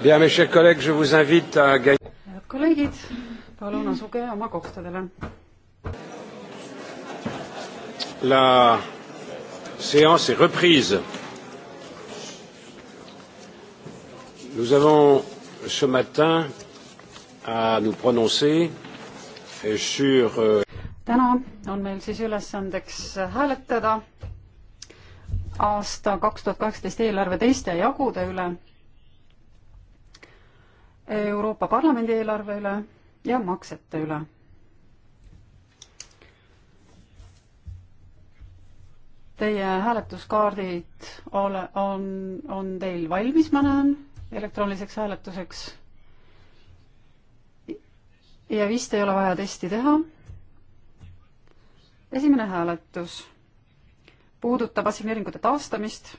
Bien, mes chers collègues, je vous invite à gagner. head kolleegid, palun asuge oma kohtadele. La séance est reprise. Nous avons ce matin à nous prononcer sur euh, täna on meil siis ülesandeks hääletada aasta kaks tuhat kaheksateist eelarve teiste jagude üle Euroopa Parlamendi eelarve üle ja maksete üle. Teie hääletuskaardid ole, on, on teil valmis, ma näen, elektrooniliseks hääletuseks. ja vist ei ole vaja testi teha. esimene hääletus puudutab assigneeringute taastamist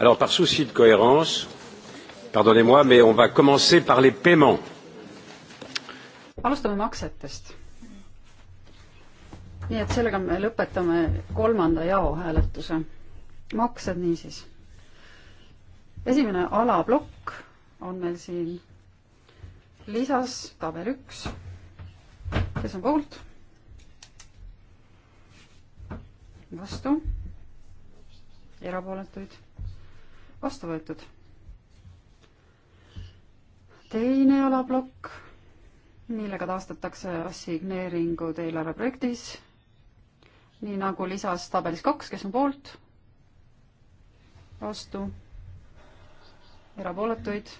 Alors, par souci de cohérence, pardonnez-moi, mais on va commencer par les paiements. alustame maksetest. nii et sellega me lõpetame kolmanda jao hääletuse. maksed niisiis. esimene alaplokk on meil siin lisas tabel üks. kes on poolt? vastu? erapooletuid vastu võetud. teine alaplokk, millega taastatakse assigneeringud eelarveprojektis, nii nagu lisas tabelis kaks, kes on poolt, vastu, erapooletuid,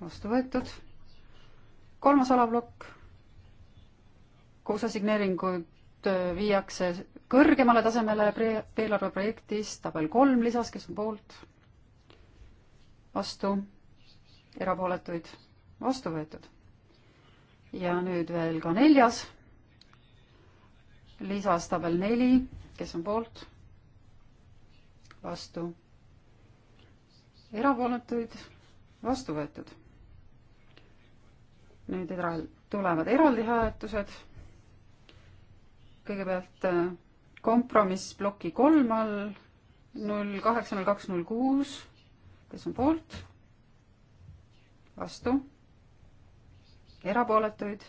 vastu võetud. kolmas alaplokk, koos assigneeringud poolt äh, viiakse kõrgemale tasemele eelarve projektis, tabel kolm lisas, kes on poolt, vastu, erapooletuid, vastu võetud. ja nüüd veel ka neljas, lisas tabel neli, kes on poolt, vastu, erapooletuid, vastu võetud. nüüd edasi tulevad eraldi hääletused kõigepealt äh, kompromiss ploki kolm all, null kaheksa, null kaks, null kuus, kes on poolt, vastu, erapooletuid,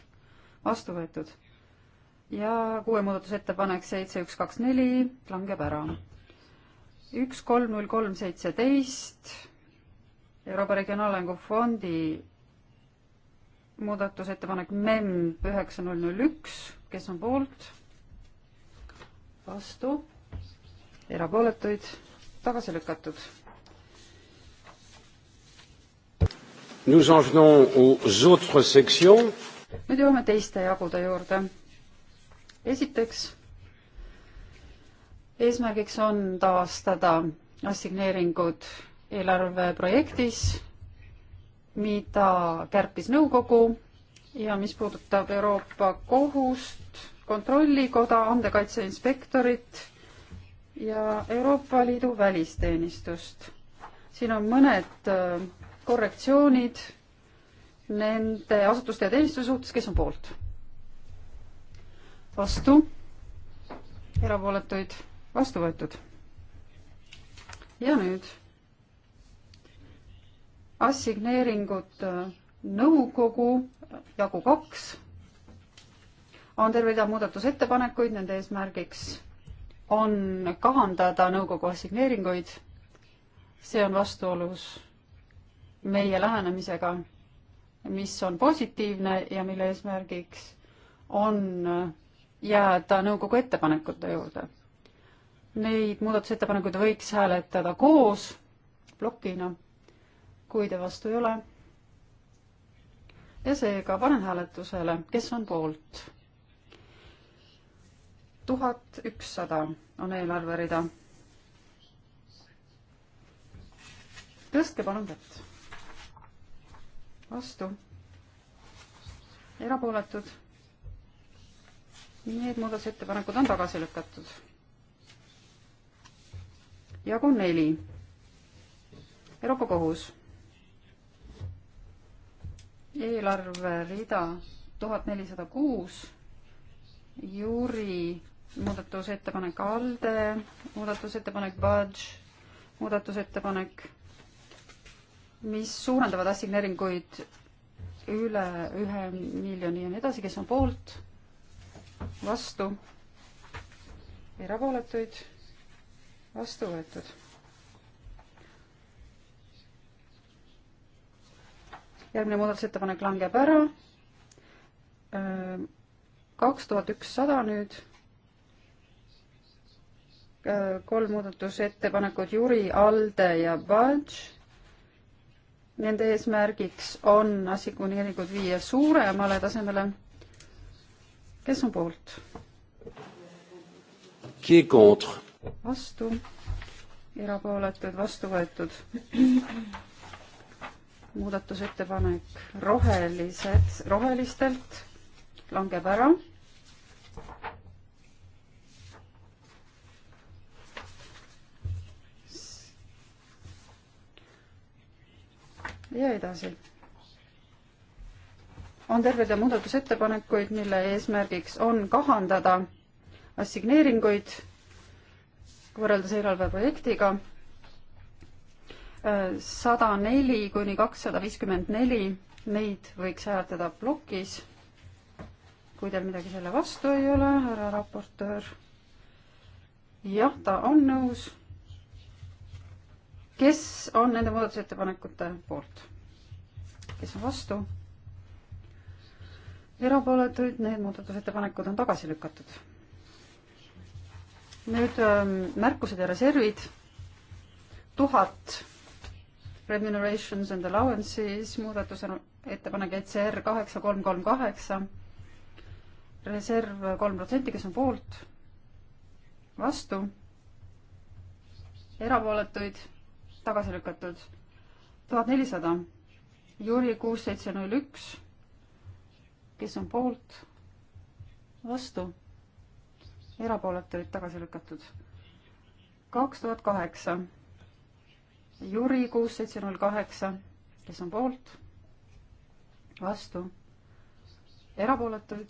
vastu võetud. ja kuue muudatusettepanek seitse, üks, kaks, neli langeb ära. üks, kolm, null kolm, seitseteist, Euroopa Regionaalarengu Fondi muudatusettepanek MEM üheksa, null, null, üks, kes on poolt vastu, erapooletuid, tagasi lükatud. Nous en venons aux autres sections. nüüd jõuame teiste jagude juurde. esiteks, eesmärgiks on taastada assigneeringud eelarveprojektis, mida kärpis nõukogu ja mis puudutab Euroopa kohust kontrollikoda, andekaitse inspektorit ja Euroopa Liidu välisteenistust. siin on mõned äh, korrektsioonid nende asutuste ja teenistuse suhtes, kes on poolt. vastu, erapooletuid, vastu võetud. ja nüüd assigneeringud äh, nõukogu äh, jagu kaks on terve rida muudatusettepanekuid, nende eesmärgiks on kahandada nõukogu assigneeringuid. see on vastuolus meie lähenemisega, mis on positiivne ja mille eesmärgiks on jääda nõukogu ettepanekute juurde. Neid muudatusettepanekuid võiks hääletada koos plokina, kui te vastu ei ole. ja seega panen hääletusele, kes on poolt tuhat ükssada on eelarverida. tõstke palun kätt. vastu. erapooletud. Need muudatusettepanekud on tagasi lükatud. jagu neli. Euroopa Kohus. eelarverida tuhat nelisada kuus. Jüri muudatusettepanek ALDE, muudatusettepanek Budge, muudatusettepanek, mis suurendavad assigneeringuid üle ühe miljoni ja nii edasi, kes on poolt, vastu, erapooletuid, vastu võetud. järgmine muudatusettepanek langeb ära, kaks tuhat ükssada nüüd kolm muudatusettepanekut Jüri, Alde ja Budge. Nende eesmärgiks on assikuneeringud viia suuremale tasemele. kes on poolt? vastu, erapooletud, vastu võetud. muudatusettepanek rohelised, rohelistelt langeb ära ja edasi. on terve rida muudatusettepanekuid, mille eesmärgiks on kahandada assigneeringuid võrreldes eelarveprojektiga sada neli kuni kakssada viiskümmend neli, neid võiks hääletada plokis. kui teil midagi selle vastu ei ole, härra raportöör. jah, ta on nõus kes on nende muudatusettepanekute poolt? kes on vastu? erapooletuid, need muudatusettepanekud on tagasi lükatud. nüüd ähm, märkused ja reservid. tuhat remunerations and allowances muudatuse ettepanek ECR kaheksa kolm kolm kaheksa. reserv kolm protsenti, kes on poolt? vastu? erapooletuid tagasi lükatud. tuhat nelisada. Jüri kuus, seitse, null, üks. kes on poolt? vastu. erapooletuid tagasi lükatud. kaks tuhat kaheksa. Jüri kuus, seitse, null, kaheksa. kes on poolt? vastu. erapooletuid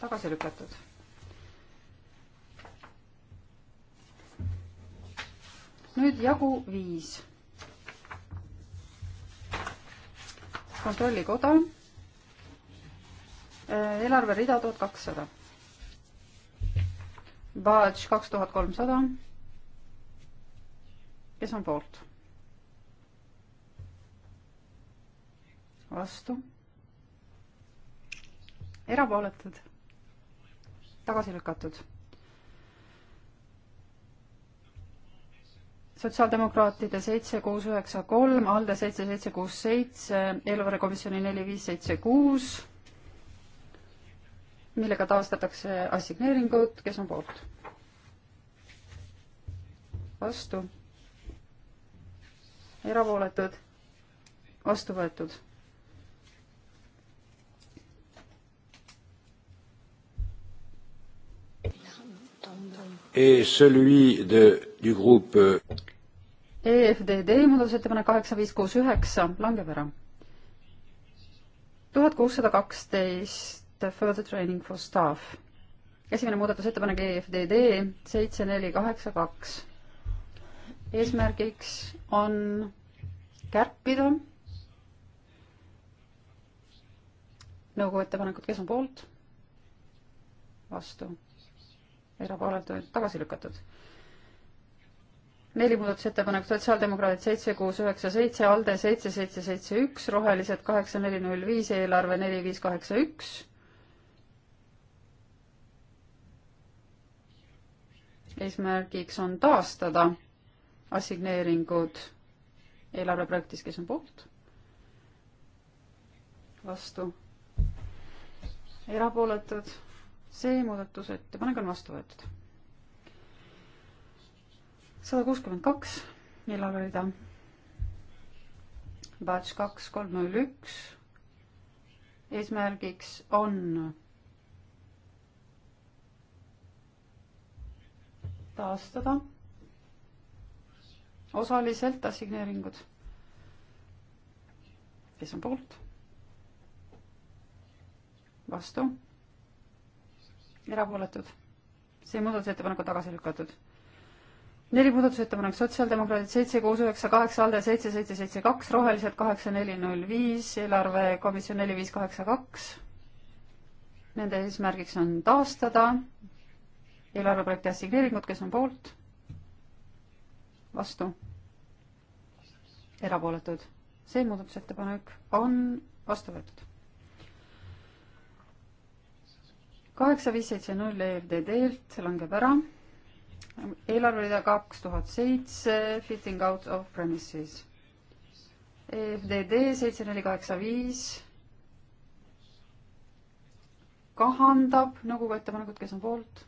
tagasi lükatud nüüd jagu viis. kontrollikoda, äh, eelarverida tuhat kakssada. Badž kaks tuhat kolmsada. kes on poolt? vastu. erapooletud, tagasi lükatud sotsiaaldemokraatide seitse, kuus, üheksa, kolm, ALDE seitse, seitse, kuus, seitse, eelarvekomisjoni neli, viis, seitse, kuus, millega taastatakse assigneeringud, kes on poolt? vastu? erapooletud? vastu võetud et celui de, du groupe EFDD euh, e muudatusettepanek kaheksa, viis, kuus, üheksa langeb ära. tuhat kuussada kaksteist further training for staff. esimene muudatusettepanek EFDD seitse, neli, kaheksa, kaks. eesmärgiks on kärpida nõukogu ettepanekut, kes on poolt? vastu erapooletuid tagasi lükatud. neli muudatusettepanekut, sotsiaaldemokraadid seitse, kuus, üheksa, seitse, ALDE seitse, seitse, seitse, üks, Rohelised kaheksa, neli, null, viis, eelarve neli, viis, kaheksa, üks. eesmärgiks on taastada assigneeringud eelarveprojektis, kes on poolt, vastu, erapooletud see muudatusettepanek on vastu võetud. sada kuuskümmend kaks, millal oli ta? Batch kaks kolm null üks. eesmärgiks on taastada osaliselt assigneeringud. kes on poolt? vastu erapooletud, see muudatusettepanek on tagasi lükatud. neli muudatusettepanek, sotsiaaldemokraadid seitse, kuus, üheksa, kaheksa, ALDE seitse, seitse, seitse, kaks, rohelised kaheksa, neli, null, viis, eelarvekomisjon neli, viis, kaheksa, kaks. Nende eesmärgiks on taastada eelarveprojekti assigneeringud, kes on poolt, vastu, erapooletud. see muudatusettepanek on vastu võetud. kaheksa, viis, seitse, null EFDD-lt langeb ära. eelarverida kaks tuhat seitse, fitting out of premises. EFDD seitse, neli, kaheksa, viis kahandab nõukogu ettepanekut, kes on poolt,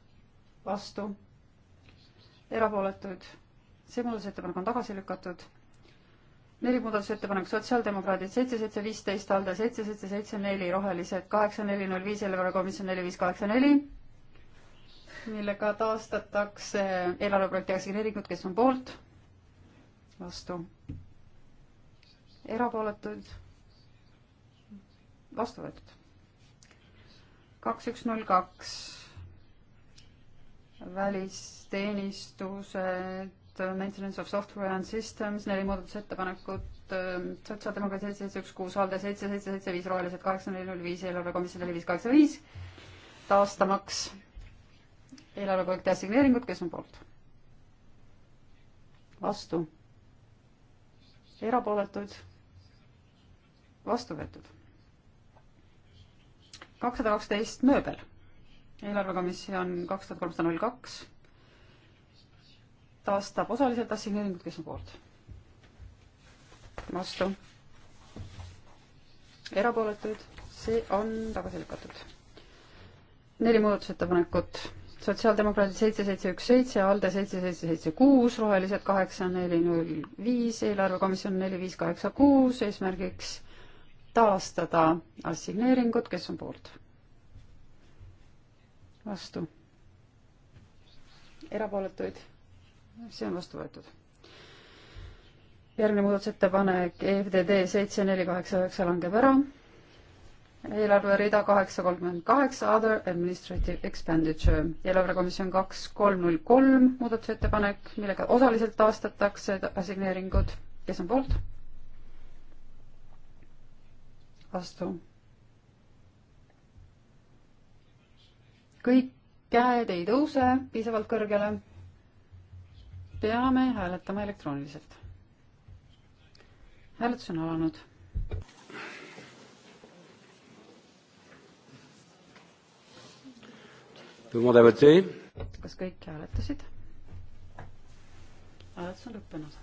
vastu, erapooletuid. see muudatusettepanek on tagasi lükatud neli muudatusettepanek, sotsiaaldemokraadid seitse, seitse, viisteist, ALDE seitse, seitse, seitse, neli, rohelised kaheksa, neli, null viis, eelarvekomisjon neli, viis, kaheksa, neli, millega taastatakse eelarveprojekti assigneeringud, kes on poolt, vastu, erapooletuid, vastu võetud. kaks, üks, null, kaks, välisteenistused, Maintenance of Software and Systems, neli muudatusettepanekut, ähm, sotsiaaldemokraadid seitse, seitse, üks, kuus, ALDE seitse, seitse, seitse, viis, Rohelised kaheksa, neli, null, viis, eelarvekomisjon neli, viis, kaheksa, viis, taastamaks eelarveprojekti assigneeringut, kes on poolt? vastu? erapooletuid? vastu võetud? kakssada kaksteist mööbel, eelarvekomisjon kaks tuhat kolmsada null kaks taastab osaliselt assigneeringut, kes on poolt? vastu. erapooletuid, see on tagasi lükatud. neli muudatusettepanekut, sotsiaaldemokraadid seitse, seitse, üks, seitse, ALDE seitse, seitse, seitse, kuus, Rohelised kaheksa, neli, null, viis, eelarvekomisjon neli, viis, kaheksa, kuus, eesmärgiks taastada assigneeringud, kes on poolt? vastu. erapooletuid see on vastu võetud. järgmine muudatusettepanek EFDD seitse neli kaheksa üheksa langeb ära. eelarverida kaheksa kolmkümmend kaheksa Other Administrative Expenditure. eelarvekomisjon kaks kolm null kolm muudatusettepanek, millega osaliselt taastatakse assigneeringud. kes on poolt? vastu kõik käed ei tõuse piisavalt kõrgele peame hääletama elektrooniliselt. hääletus on alanud. kas kõik hääletasid? hääletus on lõppenud.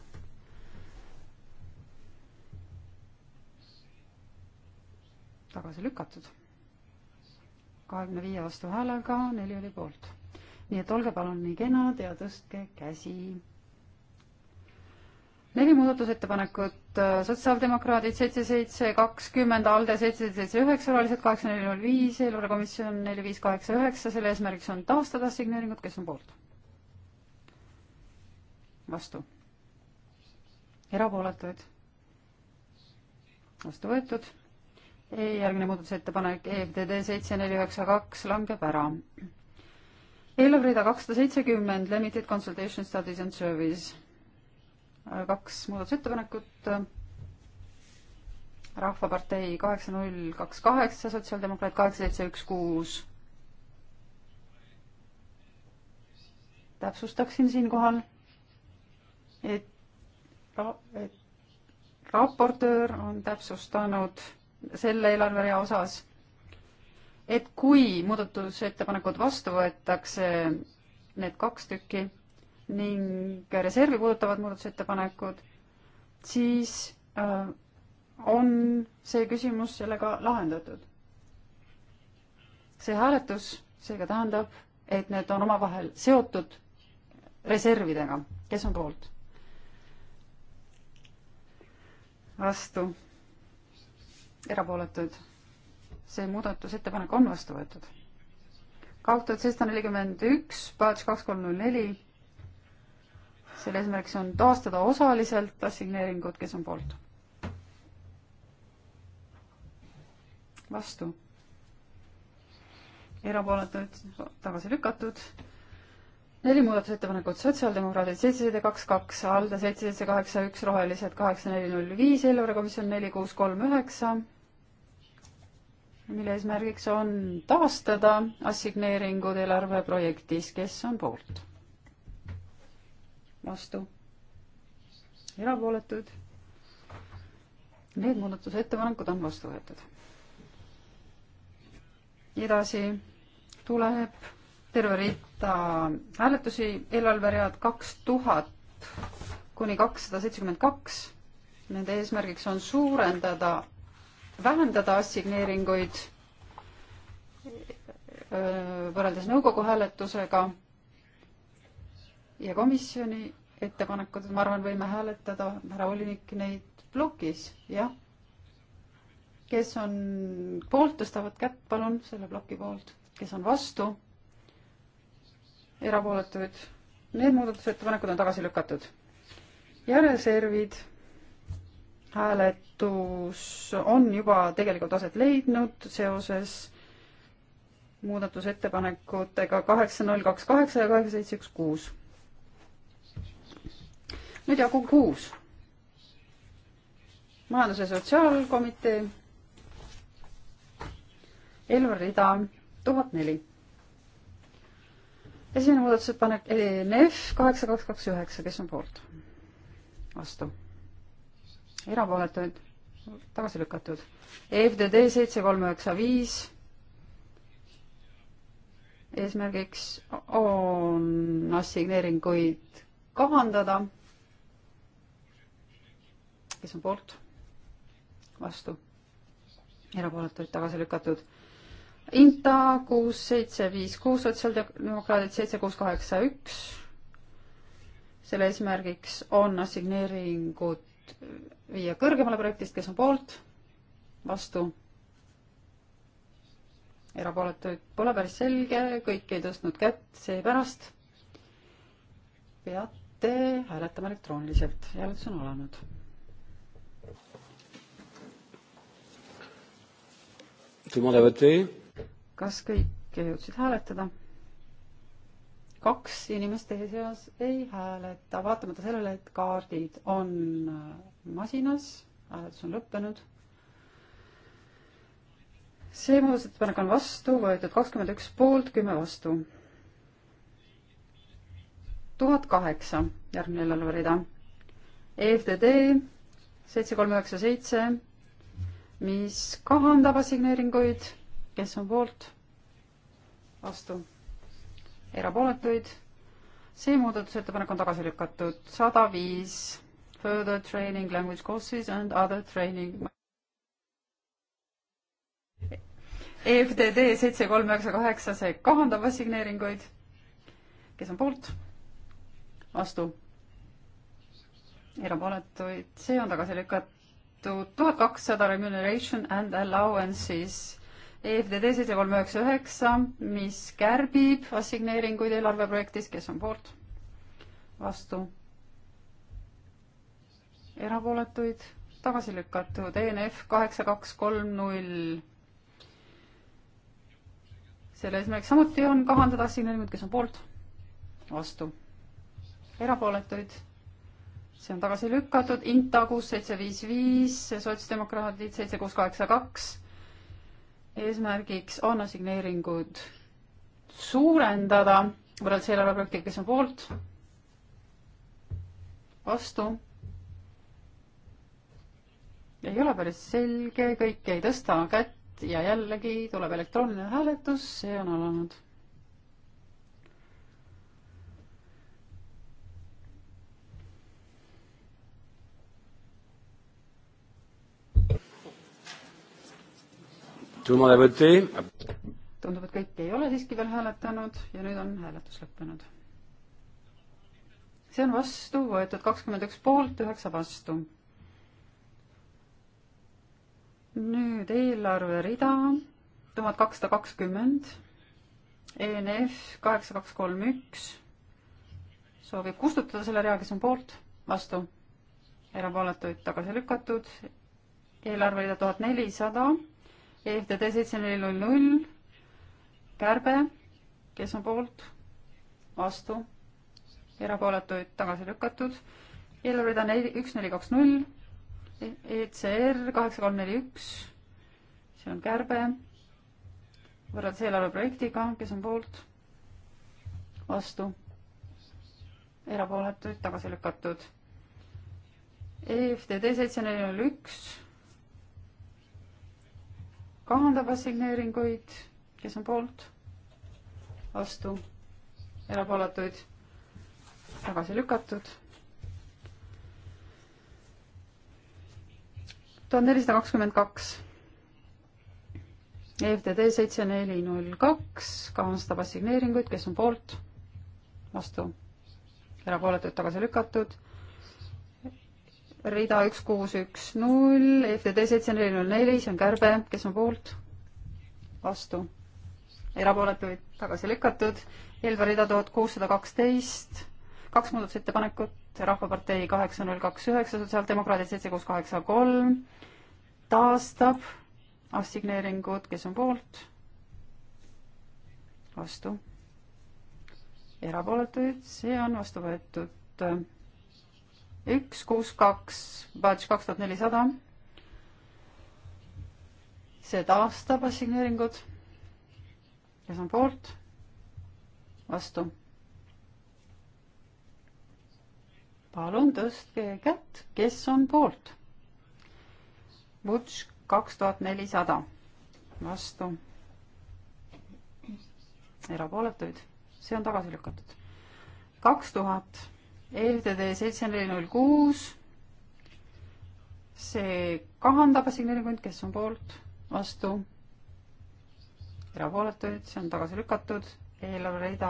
tagasi lükatud. kahekümne viie vastuhäälega, neli oli poolt. nii et olge palun nii kenad ja tõstke käsi neli muudatusettepanekut, äh, sotsiaaldemokraadid seitse, seitse, kakskümmend, ALDE seitse, seitse, üheksa, rohelised kaheksa, neli, null, viis, eelarvekomisjon neli, viis, kaheksa, üheksa, selle eesmärgiks on taastada signeeringud, kes on poolt? vastu. erapooletuid? vastu võetud. E, järgmine muudatusettepanek EFTD seitse, neli, üheksa, kaks langeb ära eelarverida kakssada seitsekümmend Limited Consultation Studies and Service kaks muudatusettepanekut. rahvapartei kaheksa null kaks kaheksa, sotsiaaldemokraat kaheksa seitse üks kuus. täpsustaksin siinkohal, et, et raportöör on täpsustanud selle eelarverea osas, et kui muudatusettepanekud vastu võetakse, need kaks tükki ning reservi puudutavad muudatusettepanekud, siis äh, on see küsimus sellega lahendatud. see hääletus seega tähendab, et need on omavahel seotud reservidega, kes on poolt? vastu? erapooletud? see muudatusettepanek on vastu võetud. kaks tuhat seitsesada nelikümmend üks, paats kaks kolm null neli selle eesmärgiks on taastada osaliselt assigneeringud, kes on poolt. vastu. erapooletud, tagasi lükatud. neli muudatusettepanekut, sotsiaaldemokraadid seitsesada kaks, kaks, ALDE seitsesada kaheksa, üks, rohelised kaheksa, neli, null, viis, eelarvekomisjon neli, kuus, kolm, üheksa, mille eesmärgiks on taastada assigneeringud eelarveprojektis, kes on poolt vastu, erapooletud. Need muudatusettepanekud on vastu võetud. edasi tuleb terve rida hääletusi, eelarveread kaks tuhat kuni kakssada seitsekümmend kaks. Nende eesmärgiks on suurendada, vähendada assigneeringuid võrreldes nõukogu hääletusega ja komisjoni ettepanekud, ma arvan, võime hääletada, härra volinik, neid plokis, jah. kes on poolt, tõstavad kätt, palun, selle ploki poolt, kes on vastu, erapooletuid, need muudatusettepanekud on tagasi lükatud. ja reservid, hääletus on juba tegelikult aset leidnud seoses muudatusettepanekutega kaheksa, null, kaks, kaheksa ja kaheksa, seitse, üks, kuus nüüd jagu kuus. majandus- ja sotsiaalkomitee. Elvar Rida, tuhat neli. esimene muudatusettepanek e NF kaheksa, kaks, kaks, üheksa, kes on poolt? vastu. erapooletuid tagasi lükatud. EFDD seitse, kolm, üheksa, viis eesmärgiks on assigneeringuid kahandada kes on poolt, vastu, erapooletuid tagasi lükatud. Inta kuus, seitse, viis, kuus, sotsiaaldemokraadid seitse, kuus, kaheksa, üks. selle eesmärgiks on assigneeringud viia kõrgemale projektist, kes on poolt, vastu, erapooletuid pole päris selge, kõik ei tõstnud kätt, seepärast peate hääletama elektrooniliselt, hääletus on alanud kas kõik jõudsid hääletada? kaks inimest teie seas ei hääleta, vaatamata sellele, et kaardid on äh, masinas, hääletus on lõppenud. see muudatusettepanek on vastu võetud kakskümmend üks poolt, kümme vastu. tuhat kaheksa, järgmine eelarverida. EFTD seitse, kolm, üheksa, seitse mis kahandab assigneeringuid, kes on poolt, vastu, erapooletuid. see muudatusettepanek on tagasi lükatud, sada viis further training language courses and other training. EFTD seitse kolm üheksa kaheksa, see kahandab assigneeringuid. kes on poolt? vastu? erapooletuid, see on tagasi lükatud võetud tuhat kakssada remuneration and allowances EFDD seitse kolm üheksa üheksa, mis kärbib assigneeringuid eelarveprojektis, kes on poolt? vastu? erapooletuid? tagasi lükatud ENF kaheksa kaks kolm null. selle eesmärk samuti on kahandada assigneeringuid, kes on poolt? vastu? erapooletuid? see on tagasi lükatud, Inta kuus, seitse, viis, viis, sotsdemokraadid seitse, kuus, kaheksa, kaks. eesmärgiks on assigneeringud suurendada võrreldes eelarveprojektiga, kes on poolt, vastu. ei ole päris selge, kõik ei tõsta kätt ja jällegi tuleb elektrooniline hääletus, see on alanud tundub, et kõik ei ole siiski veel hääletanud ja nüüd on hääletus lõppenud. see on vastu võetud kakskümmend üks poolt, üheksa vastu. nüüd eelarverida tuhat kakssada kakskümmend, ENF kaheksa, kaks, kolm, üks soovib kustutada selle rea, kes on poolt, vastu, erapooletuid tagasi lükatud, eelarverida tuhat nelisada EFTD seitse neli null null, kärbe, kes on poolt, vastu, erapooletuid tagasi lükatud, eelarverida neli, üks neli kaks null, ECR kaheksa kolm neli üks, see on kärbe, võrreldes eelarveprojektiga, kes on poolt, vastu, erapooletuid tagasi lükatud. EFTD seitse neli null üks kahandab assigneeringuid, kes on poolt, vastu, erapooletuid, tagasi lükatud. tuhat nelisada kakskümmend kaks. EFTD seitse neli null kaks kahandab assigneeringuid, kes on poolt, vastu, erapooletuid tagasi lükatud rida üks, kuus, üks, null, FTD seitse, neli, null, neli, see on kärbe, kes on poolt? vastu. erapooletuid tagasi lükatud. Elva rida tuhat kuussada kaksteist, kaks muudatusettepanekut, Rahvapartei kaheksa, null, kaks, üheksa, Sotsiaaldemokraadid seitse, kuus, kaheksa, kolm, taastab assigneeringud, kes on poolt? vastu. erapooletuid, see on vastu võetud üks, kuus, kaks, batch kaks tuhat nelisada. see taastab assigneeringud. kes on poolt? vastu? palun tõstke kätt, kes on poolt? Butch kaks tuhat nelisada, vastu. erapooletuid, see on tagasi lükatud. kaks tuhat LTD e seitse neli null kuus, see kahandab assigneeringuid, kes on poolt, vastu, erapooletuid, see on tagasi lükatud, eelarverida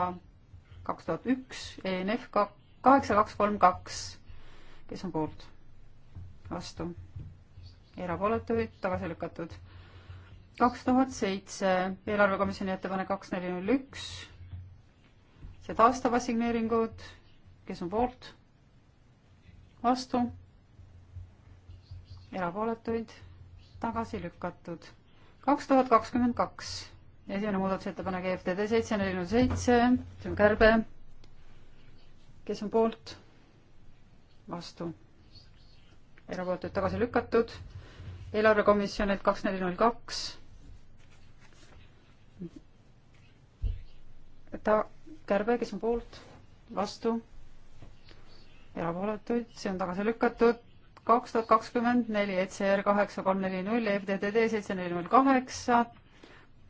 kaks tuhat üks, ENF kaheksa kaks kolm kaks, kes on poolt, vastu, erapooletuid, tagasi lükatud. kaks tuhat seitse, eelarvekomisjoni ettepanek kaks neli null üks, see taastab assigneeringud kes on poolt, vastu, erapooletuid, tagasi lükatud. kaks tuhat kakskümmend kaks, esimene muudatusettepanek EFTD seitse, neli, null seitse, see on kärbe. kes on poolt, vastu, erapooletuid tagasi lükatud, eelarvekomisjonilt kaks, neli, null kaks, ta, kärbe, kes on poolt, vastu erapooletuid, see on tagasi lükatud. kaks tuhat kakskümmend neli, ECR kaheksa kolm neli null, FDTD seitse neli null kaheksa,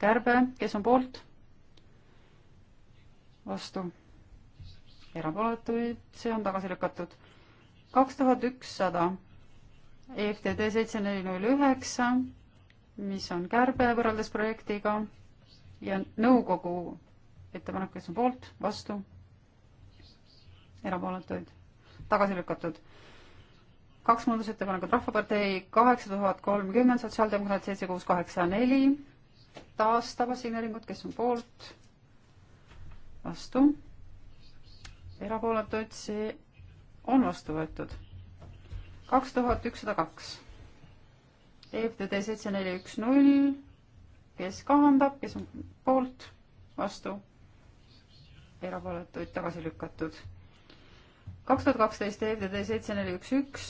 kärbe, kes on poolt? vastu. erapooletuid, see on tagasi lükatud. kaks tuhat ükssada, EFTD seitse neli null üheksa, mis on kärbe võrreldes projektiga ja nõukogu ettepanek, kes on poolt, vastu, erapooletuid tagasi lükatud. kaks muudatusettepanekut Rahvapartei kaheksa tuhat kolmkümmend, sotsiaaldemokraat seitse kuus kaheksa neli, taastava signeeringut, kes on poolt, vastu, erapooletuid, see on vastu võetud. kaks tuhat ükssada kaks, EFTD seitse neli üks null, kes kahandab, kes on poolt, vastu, erapooletuid tagasi lükatud kaks tuhat kaksteist EFDD seitse neli üks üks,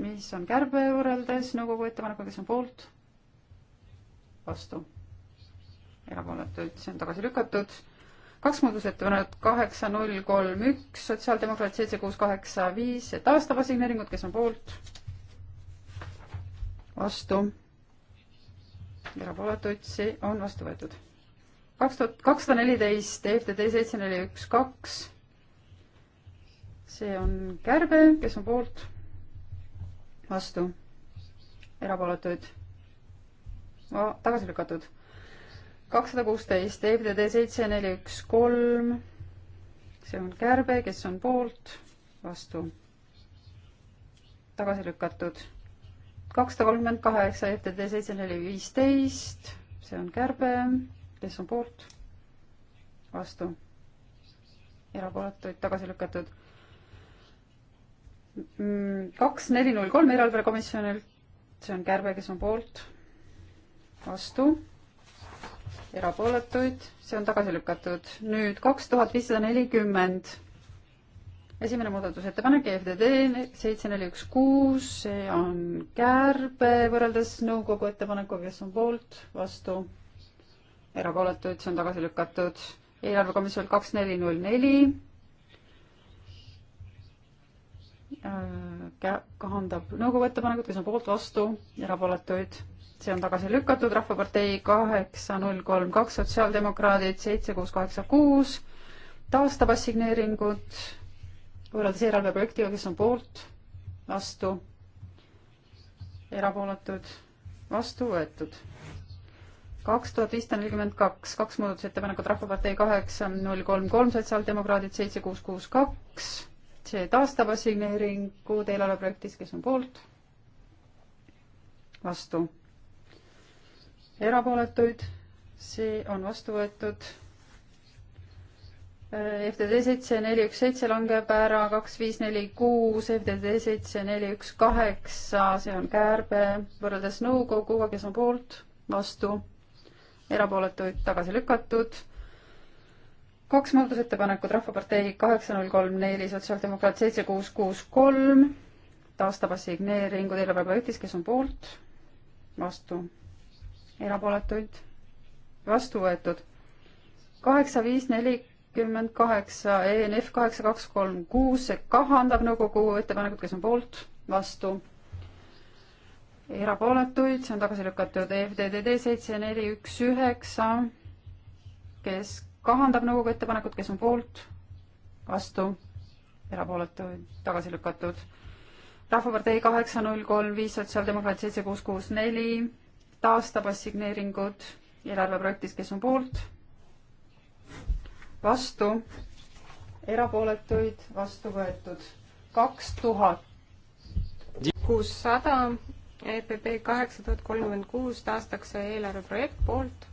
mis on kärbe võrreldes nõukogu ettepanekuga, kes on poolt? vastu. erapooletuid, see on tagasi lükatud. kaks muudatusettepanekut, kaheksa null kolm üks, sotsiaaldemokraat seitse kuus kaheksa viis, taastava signeeringut, kes on poolt? vastu. erapooletuid, see on vastu võetud. kaks tuhat kakssada neliteist EFDD seitse neli üks kaks see on kärbe, kes on poolt, vastu, erapooletuid, tagasi lükatud. kakssada kuusteist, EBTD seitse, neli, üks, kolm, see on kärbe, kes on poolt, vastu, tagasi lükatud. kakssada kolmkümmend kaheksa, EBTD seitse, neli, viisteist, see on kärbe, kes on poolt, vastu, erapooletuid tagasi lükatud Mm, kaks, neli, null, kolm eelarvekomisjonilt, see on kärbe, kes on poolt, vastu, erapooletuid, see on tagasi lükatud. nüüd kaks tuhat viissada nelikümmend, esimene muudatusettepanek, EFTD seitse, neli, üks, kuus, see on kärbe võrreldes nõukogu ettepanekuga, kes on poolt, vastu, erapooletuid, see on tagasi lükatud. eelarvekomisjon kaks, neli, null, neli Äh, kahandab nõukogu ettepanekut, kes on poolt, vastu, erapooletuid. see on tagasi lükatud, Rahvapartei kaheksa, null kolm, kaks, sotsiaaldemokraadid seitse, kuus, kaheksa, kuus, taastab assigneeringud võrreldes eelarveprojektiga, kes on poolt, vastu, erapooletud, vastu võetud. kaks tuhat viissada nelikümmend kaks, kaks muudatusettepanekut Rahvapartei kaheksa, null kolm, kolm, sotsiaaldemokraadid seitse, kuus, kuus, kaks see taastab assigneeringud eelarveprojektis, kes on poolt, vastu, erapooletuid, see on vastu võetud. FTD seitse, neli, üks, seitse langeb ära, kaks, viis, neli, kuus, FTD seitse, neli, üks, kaheksa, see on kärbe võrreldes nõukoguga, kes on poolt, vastu, erapooletuid tagasi lükatud kaks muudatusettepanekut Rahvapartei kaheksa null kolm neli, Sotsiaaldemokraat seitse kuus kuus kolm, taastava signeeringu eelarveprojektis, kes on poolt, vastu, erapooletuid, vastu võetud. kaheksa viis nelikümmend kaheksa, ENF kaheksa kaks kolm kuus, see kahandab nõukogu ettepanekut, kes on poolt, vastu, erapooletuid, see on tagasi lükatud, EFDDD seitse neli üks üheksa, kesk, kahandab nõukogu ettepanekut, kes on poolt, vastu, erapooletuid, tagasi lükatud. rahvapartei kaheksa, null, kolm, viis, sotsiaaldemokraat seitse, kuus, kuus, neli, taastab assigneeringud eelarveprojektis, kes on poolt, vastu, erapooletuid, vastu võetud, kaks tuhat kuussada, EPP kaheksa tuhat kolmkümmend kuus, taastaks eelarveprojekt poolt,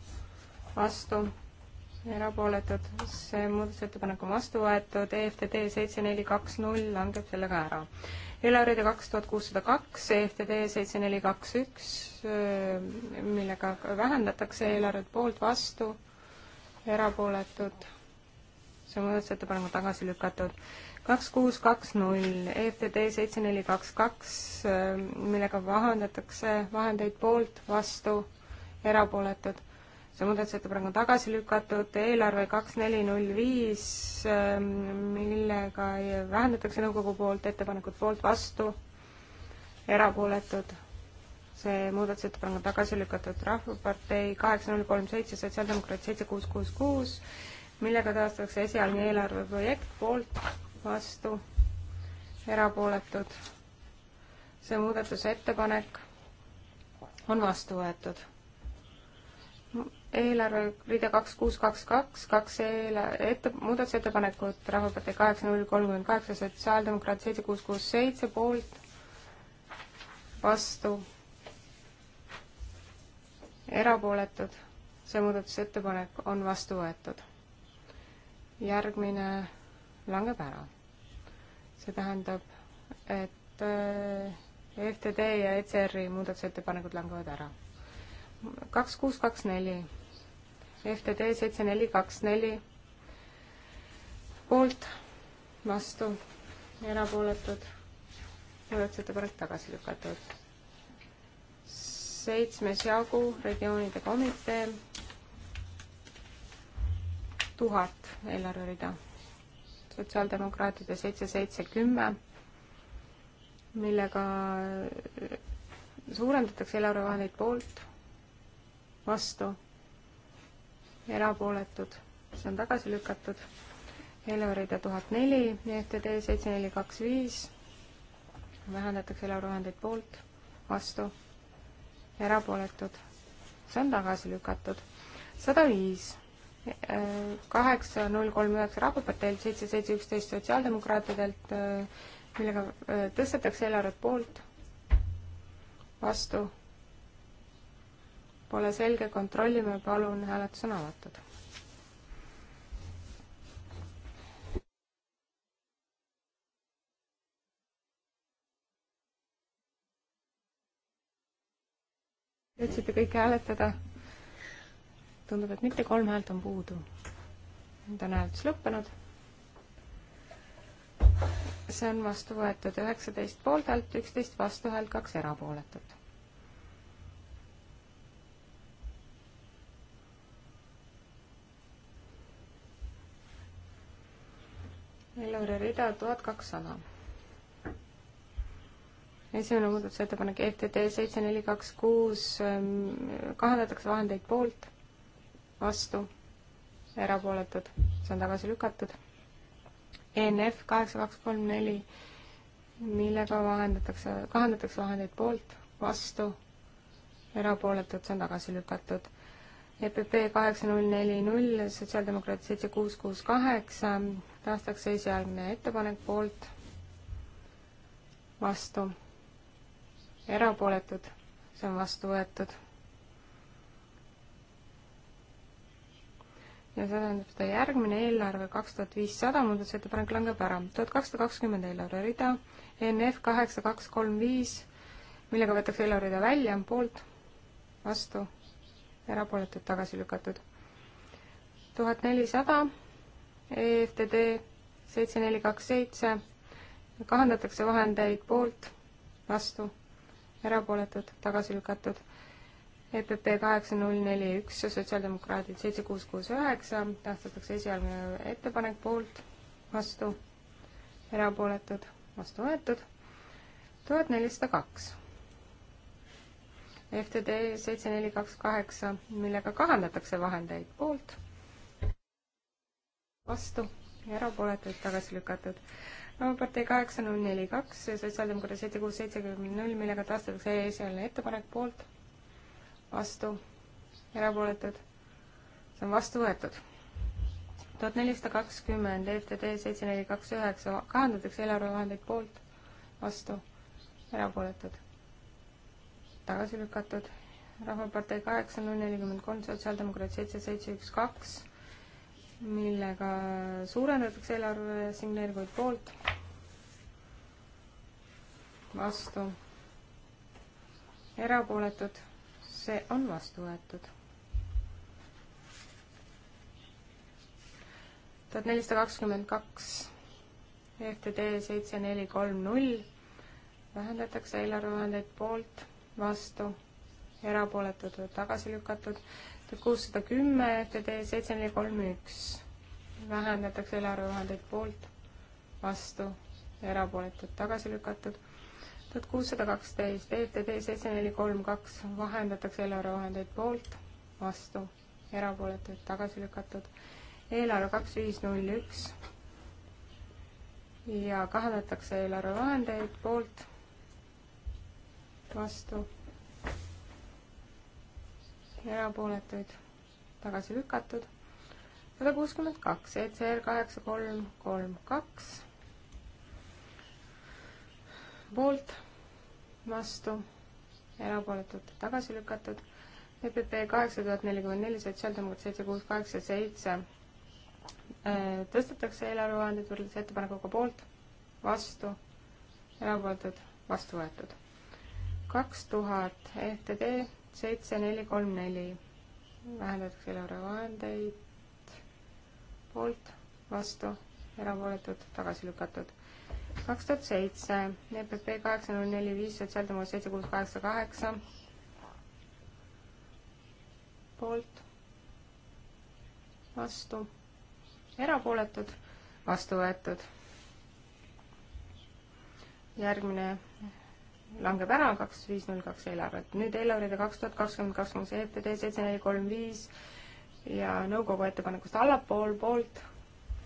vastu erapooletud, see muudatusettepanek on vastu võetud, EFTD seitse neli kaks null langeb sellega ära. Elaride kaks tuhat kuussada kaks, EFTD seitse neli kaks üks, millega vähendatakse eelarvet poolt vastu, erapooletud, see muudatusettepanek on tagasi lükatud. kaks kuus kaks null, EFTD seitse neli kaks kaks, millega vahendatakse vahendeid poolt vastu, erapooletud see muudatusettepanek on tagasi lükatud, eelarve kaks neli null viis, ähm, millega vähendatakse nõukogu poolt ettepanekut poolt vastu, erapooletud. see muudatusettepanek on tagasi lükatud, Rahvapartei kaheksa null kolm seitse, Sotsiaaldemokraat seitse kuus kuus kuus, millega taastatakse esialgne eelarveprojekt poolt vastu, erapooletud. see muudatusettepanek on vastu võetud eelarverida kaks kuus kaks kaks, kaks eela-, ette, muudatusettepanekut Rahvapartei kaheksa null kolmkümmend kaheksa, sotsiaaldemokraat seitse kuus kuus seitse poolt, vastu, erapooletud, see muudatusettepanek on vastu võetud. järgmine langeb ära. see tähendab, et äh, FTD ja ECR-i muudatusettepanekud langevad ära kaks, kuus, kaks, neli. FTD seitse, neli, kaks, neli. poolt, vastu, erapooletud, muudatusettepanek tagasi lükatud. seitsmes jagu, regioonide komitee, tuhat eelarverida. sotsiaaldemokraatide seitse, seitse, kümme, millega suurendatakse eelarvevahendeid poolt vastu, erapooletud, see on tagasi lükatud. Elorida tuhat neli, EFTD seitse neli kaks viis, vähendatakse Elovahendeid poolt, vastu, erapooletud, see on tagasi lükatud. sada viis, kaheksa null kolm üheksa Rahvaparteilt, seitse seitse üksteist Sotsiaaldemokraatidelt, millega äh, tõstetakse eelarvet poolt, vastu pole selge, kontrollime, palun, hääletus on avatud. jõudsite kõik hääletada? tundub, et mitte, kolm häält on puudu. nüüd on hääletus lõppenud. see on vastu võetud üheksateist poolthäält, üksteist vastuhäält, kaks erapooletut eelarve rida tuhat kakssada. esimene muudatusettepanek e FTT seitse neli kaks kuus, ähm, kahandatakse vahendeid poolt, vastu, erapooletud, see on tagasi lükatud. ENF kaheksa kaks kolm neli, millega vahendatakse, kahandatakse vahendeid poolt, vastu, erapooletud, see on tagasi lükatud EPP kaheksa null neli null, sotsiaaldemokraat seitse kuus kuus kaheksa, taastakse esialgne ettepanek poolt, vastu, erapooletud, see on vastu võetud. ja see tähendab seda järgmine eelarve kaks tuhat viissada muudatusettepanek langeb ära, tuhat kakssada kakskümmend eelarve rida, NF kaheksa kaks kolm viis, millega võetakse eelarve rida välja, poolt, vastu, erapooletud, tagasi lükatud. tuhat nelisada EFTD seitse, neli, kaks, seitse, kahandatakse vahendeid poolt, vastu, erapooletud, tagasi lükatud. EPP kaheksa, null, neli, üks, sotsiaaldemokraadid seitse, kuus, kuus, üheksa, tähtsatakse esialgne ettepanek poolt, vastu, erapooletud, vastu võetud, tuhat nelisada kaks. E FTD seitse, neli, kaks, kaheksa, millega kahandatakse vahendeid poolt vastu, erapooletuid tagasi lükatud. Rahvapartei kaheksa null neli kaks, Sotsiaaldemokraatia seitse kuus seitsekümmend null, millega taastatakse esialgne ettepanek poolt, vastu, erapooletud. see on vastu võetud. tuhat nelisada kakskümmend, EFTD seitse neli kaks üheksa, kahandatakse eelarvevahendeid poolt, vastu, erapooletud. tagasi lükatud. rahvapartei kaheksa null nelikümmend kolm, Sotsiaaldemokraatia seitse seitse üks kaks millega suurendatakse eelarve signeeringuid poolt, vastu, erapooletud, see on vastu võetud. tuhat nelisada kakskümmend kaks FTD seitse neli kolm null vähendatakse eelarvevahendeid poolt, vastu, erapooletud või tagasi lükatud kuussada kümme FTD seitse neli kolm üks vähendatakse eelarvevahendeid poolt, vastu, erapooletud, tagasi lükatud. tuhat kuussada kaksteist EFTD seitse neli kolm kaks vahendatakse eelarvevahendeid poolt, vastu, erapooletud, tagasi lükatud. eelarve kaks viis null üks ja kahandatakse eelarvevahendeid poolt, vastu erapooletuid, tagasi lükatud. sada kuuskümmend kaks, ECR kaheksa, kolm, kolm, kaks. poolt, vastu, erapooletud, tagasi lükatud. EPP kaheksa tuhat nelikümmend neli, sotsiaaldemokraat seitse, kuus, kaheksa, seitse. Äh, tõstetakse eelarvevahendid võrreldes ettepanekuga poolt, vastu, erapooletud, vastu võetud kaks tuhat EFTD seitse, neli, kolm, neli. vähendatakse eurovahendeid poolt, vastu, erapooletud, tagasi lükatud. kaks tuhat seitse, EPP kaheksa, null, neli, viis, sotsiaaldemokraat seitse, kuus, kaheksa, kaheksa poolt, vastu, erapooletud, vastu võetud. järgmine langeb ära, kaks viis null kaks eelarvet. nüüd eelarvega kaks tuhat kakskümmend kaks koma EPD seitse neli kolm viis ja nõukogu ettepanekust allapool, poolt,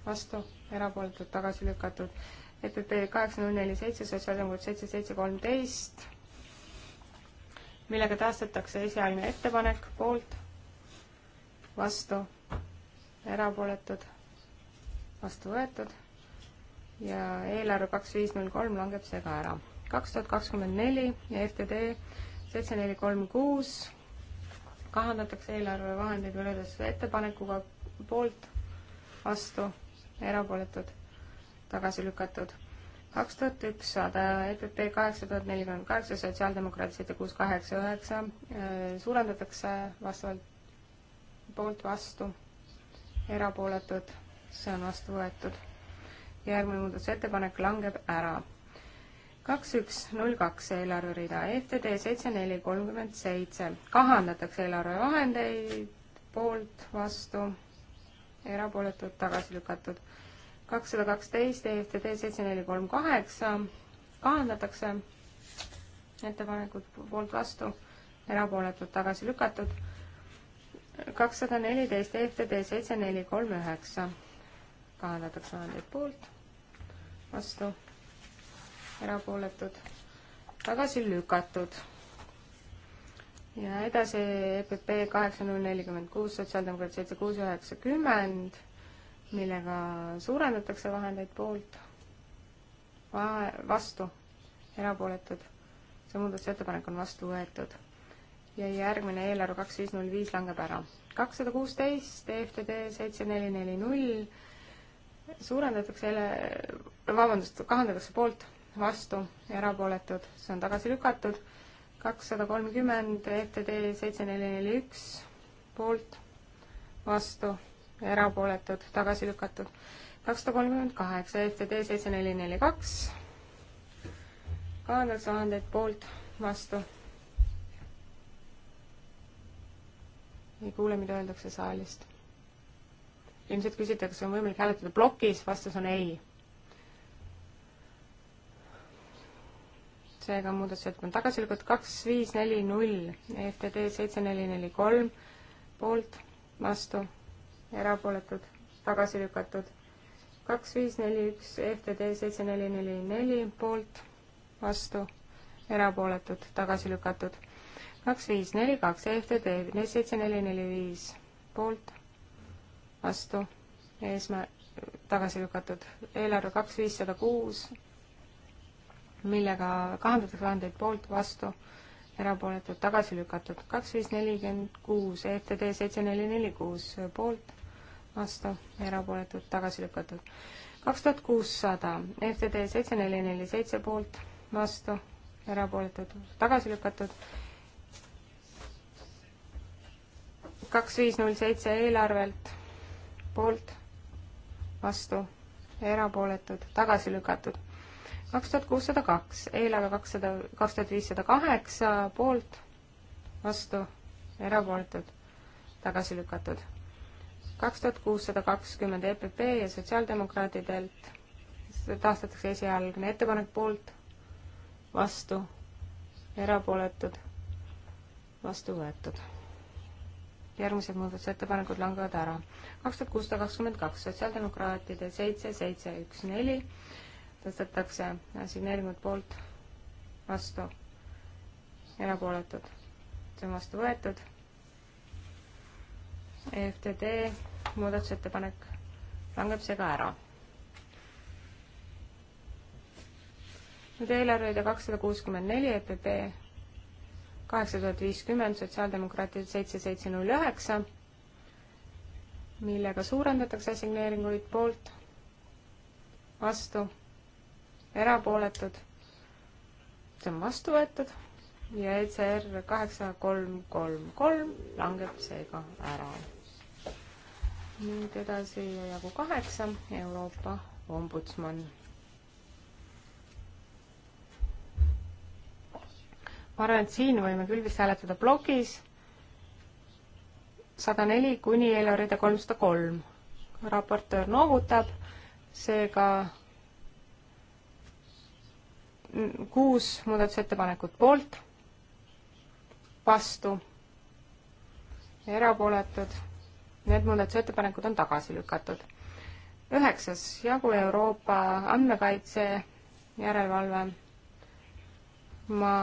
vastu, erapooletult tagasi lükatud. EPP kaheksa null neli seitse, sotsiaaldemokraat seitse seitse kolmteist, millega taastatakse esialgne ettepanek, poolt, vastu, erapooletud, vastu võetud ja eelarve kaks viis null kolm langeb seega ära kaks tuhat kakskümmend neli ja FTD seitse neli kolm kuus kahandatakse eelarvevahendeid võrreldes ettepanekuga poolt, vastu, erapooletud, tagasi lükatud. kaks tuhat ükssada, EPP kaheksa tuhat nelikümmend kaheksa, sotsiaaldemokraadid seitse kuus kaheksa üheksa, äh, suurendatakse vastavalt poolt, vastu, erapooletud, see on vastu võetud. järgmine muudatusettepanek langeb ära kaks, üks, null, kaks eelarverida, e FTD seitse, neli, kolmkümmend seitse. kahandatakse eelarvevahendeid poolt, vastu, erapooletud, tagasi lükatud. kakssada kaksteist, e FTD seitse, neli, kolm, kaheksa, kahandatakse ettepanekud poolt, vastu, erapooletud, tagasi lükatud. kakssada neliteist, e FTD seitse, neli, kolm, üheksa, kahandatakse vahendeid poolt, vastu erapooletud, tagasi lükatud. ja edasi EPP kaheksa null nelikümmend kuus, sotsiaaldemokraat seitse kuus üheksakümmend, millega suurendatakse vahendeid poolt, vastu, erapooletud. see muudatusettepanek on vastu võetud. ja järgmine eelarve kaks viis null viis langeb ära. kakssada kuusteist, EFTD seitse neli neli null, suurendatakse jälle, vabandust, kahandatakse poolt vastu, erapooletud, see on tagasi lükatud. kakssada kolmkümmend EFTD seitse neli neli üks poolt, vastu, erapooletud, tagasi lükatud. kakssada kolmkümmend kaheksa EFTD seitse neli neli kaks, kahandusvahendeid poolt, vastu. ei kuule, mida öeldakse saalist. ilmselt küsitakse, kas on võimalik hääletada plokis, vastus on ei seega muudatusettepanek tagasi lükatud, kaks, viis, neli, null, EFTD seitse, neli, neli, kolm, poolt, vastu, erapooletud, tagasi lükatud. kaks, viis, neli, üks, EFTD seitse, neli, neli, neli, poolt, vastu, erapooletud, tagasi lükatud. kaks, viis, neli, kaks, EFTD seitse, neli, neli, viis, poolt, vastu, eesmärk, tagasi lükatud. eelarve kaks, viissada kuus millega kahandatakse vahendeid poolt, vastu, erapooletud, tagasi lükatud. kaks, viis, nelikümmend kuus, EFTD seitse, neli, neli, kuus, poolt, vastu, erapooletud, tagasi lükatud. kaks tuhat kuussada, EFTD seitse, neli, neli, seitse, poolt, vastu, erapooletud, tagasi lükatud. kaks, viis, null, seitse eelarvelt, poolt, vastu, erapooletud, tagasi lükatud kaks tuhat kuussada kaks, eelarve kakssada, kaks tuhat viissada kaheksa poolt, vastu, erapooletud, tagasi lükatud. kaks tuhat kuussada kakskümmend EPP ja sotsiaaldemokraatidelt taastatakse esialgne ettepanek poolt, vastu, erapooletud, vastu võetud. järgmised muudatusettepanekud langevad ära. kaks tuhat kuussada kakskümmend kaks, sotsiaaldemokraatide seitse, seitse, üks, neli tõstetakse signeeringud poolt vastu, erapooletud. see on vastu võetud. EFTD muudatusettepanek langeb see ka ära. nüüd eelarved ja kakssada kuuskümmend neli EPP, kaheksa tuhat viiskümmend, sotsiaaldemokraatid seitse, seitse, null üheksa, millega suurendatakse signeeringuid poolt, vastu erapooletud, see on vastu võetud ja ECR kaheksa, kolm, kolm, kolm langeb seega ära. nüüd edasi jagu kaheksa, Euroopa ombudsman. ma arvan, et siin võime küll vist hääletada plokis sada neli kuni eelarvide kolmsada kolm. raportöör noogutab, seega kuus muudatusettepanekut poolt, vastu, erapooletud, need muudatusettepanekud on tagasi lükatud. üheksas jagu Euroopa andmekaitse järelevalve. ma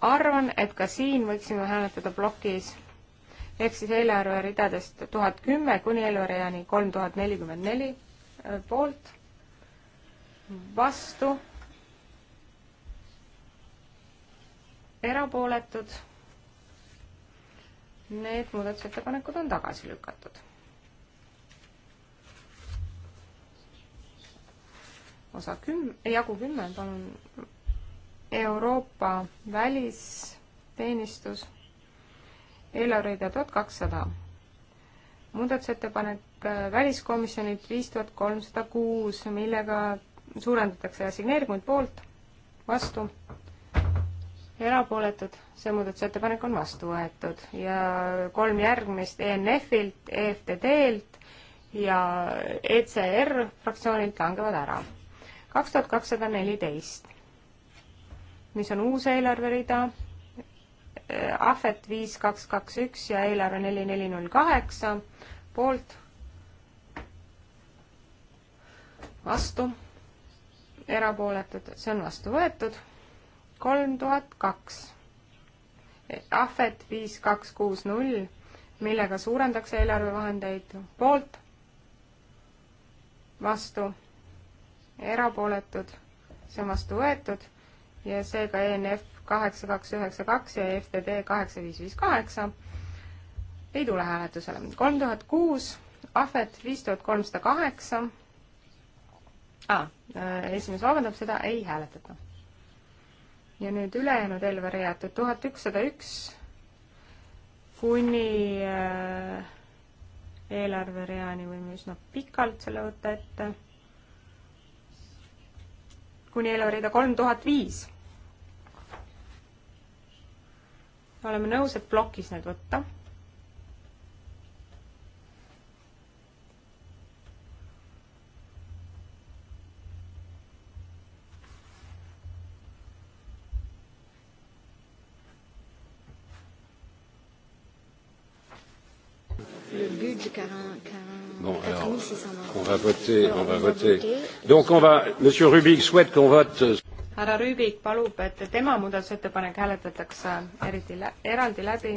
arvan, et ka siin võiksime hääletada plokis ehk siis eelarve ridadest tuhat kümme kuni eelarvejani kolm tuhat nelikümmend neli poolt, vastu erapooletud. Need muudatusettepanekud on tagasi lükatud. osa küm-, jagu kümme, palun. Euroopa välisteenistus, eelarveide tuhat kakssada. muudatusettepanek äh, väliskomisjonilt viis tuhat kolmsada kuus, millega suurendatakse assigneeringuid poolt, vastu erapooletud, see muudatusettepanek on vastu võetud ja kolm järgmist ENF-ilt, EFTD-lt ja ECR fraktsioonilt langevad ära. kaks tuhat kakssada neliteist, mis on uus eelarverida, Ahvet viis kaks kaks üks ja eelarve neli neli null kaheksa poolt, vastu, erapooletud, see on vastu võetud kolm tuhat kaks. ahvet viis kaks kuus null, millega suurendatakse eelarvevahendeid poolt, vastu, erapooletud, see on vastu võetud ja seega ENF kaheksa kaks üheksa kaks ja EFTD kaheksa viis viis kaheksa ei tule hääletusele. kolm tuhat kuus, ahvet viis tuhat kolmsada kaheksa. Ah, esimees vabandab, seda ei hääletata ja nüüd ülejäänud Elveriad tuhat ükssada üks kuni äh, eelarvereani võime üsna pikalt selle võtta ette, kuni eelarverida kolm tuhat viis. oleme nõus, et plokis need võtta voter, on va voter. Donc on va, monsieur Rubik souhaite qu'on vote. Euh, härra Rüübik palub, et tema muudatusettepanek hääletatakse eriti lä-, eraldi läbi.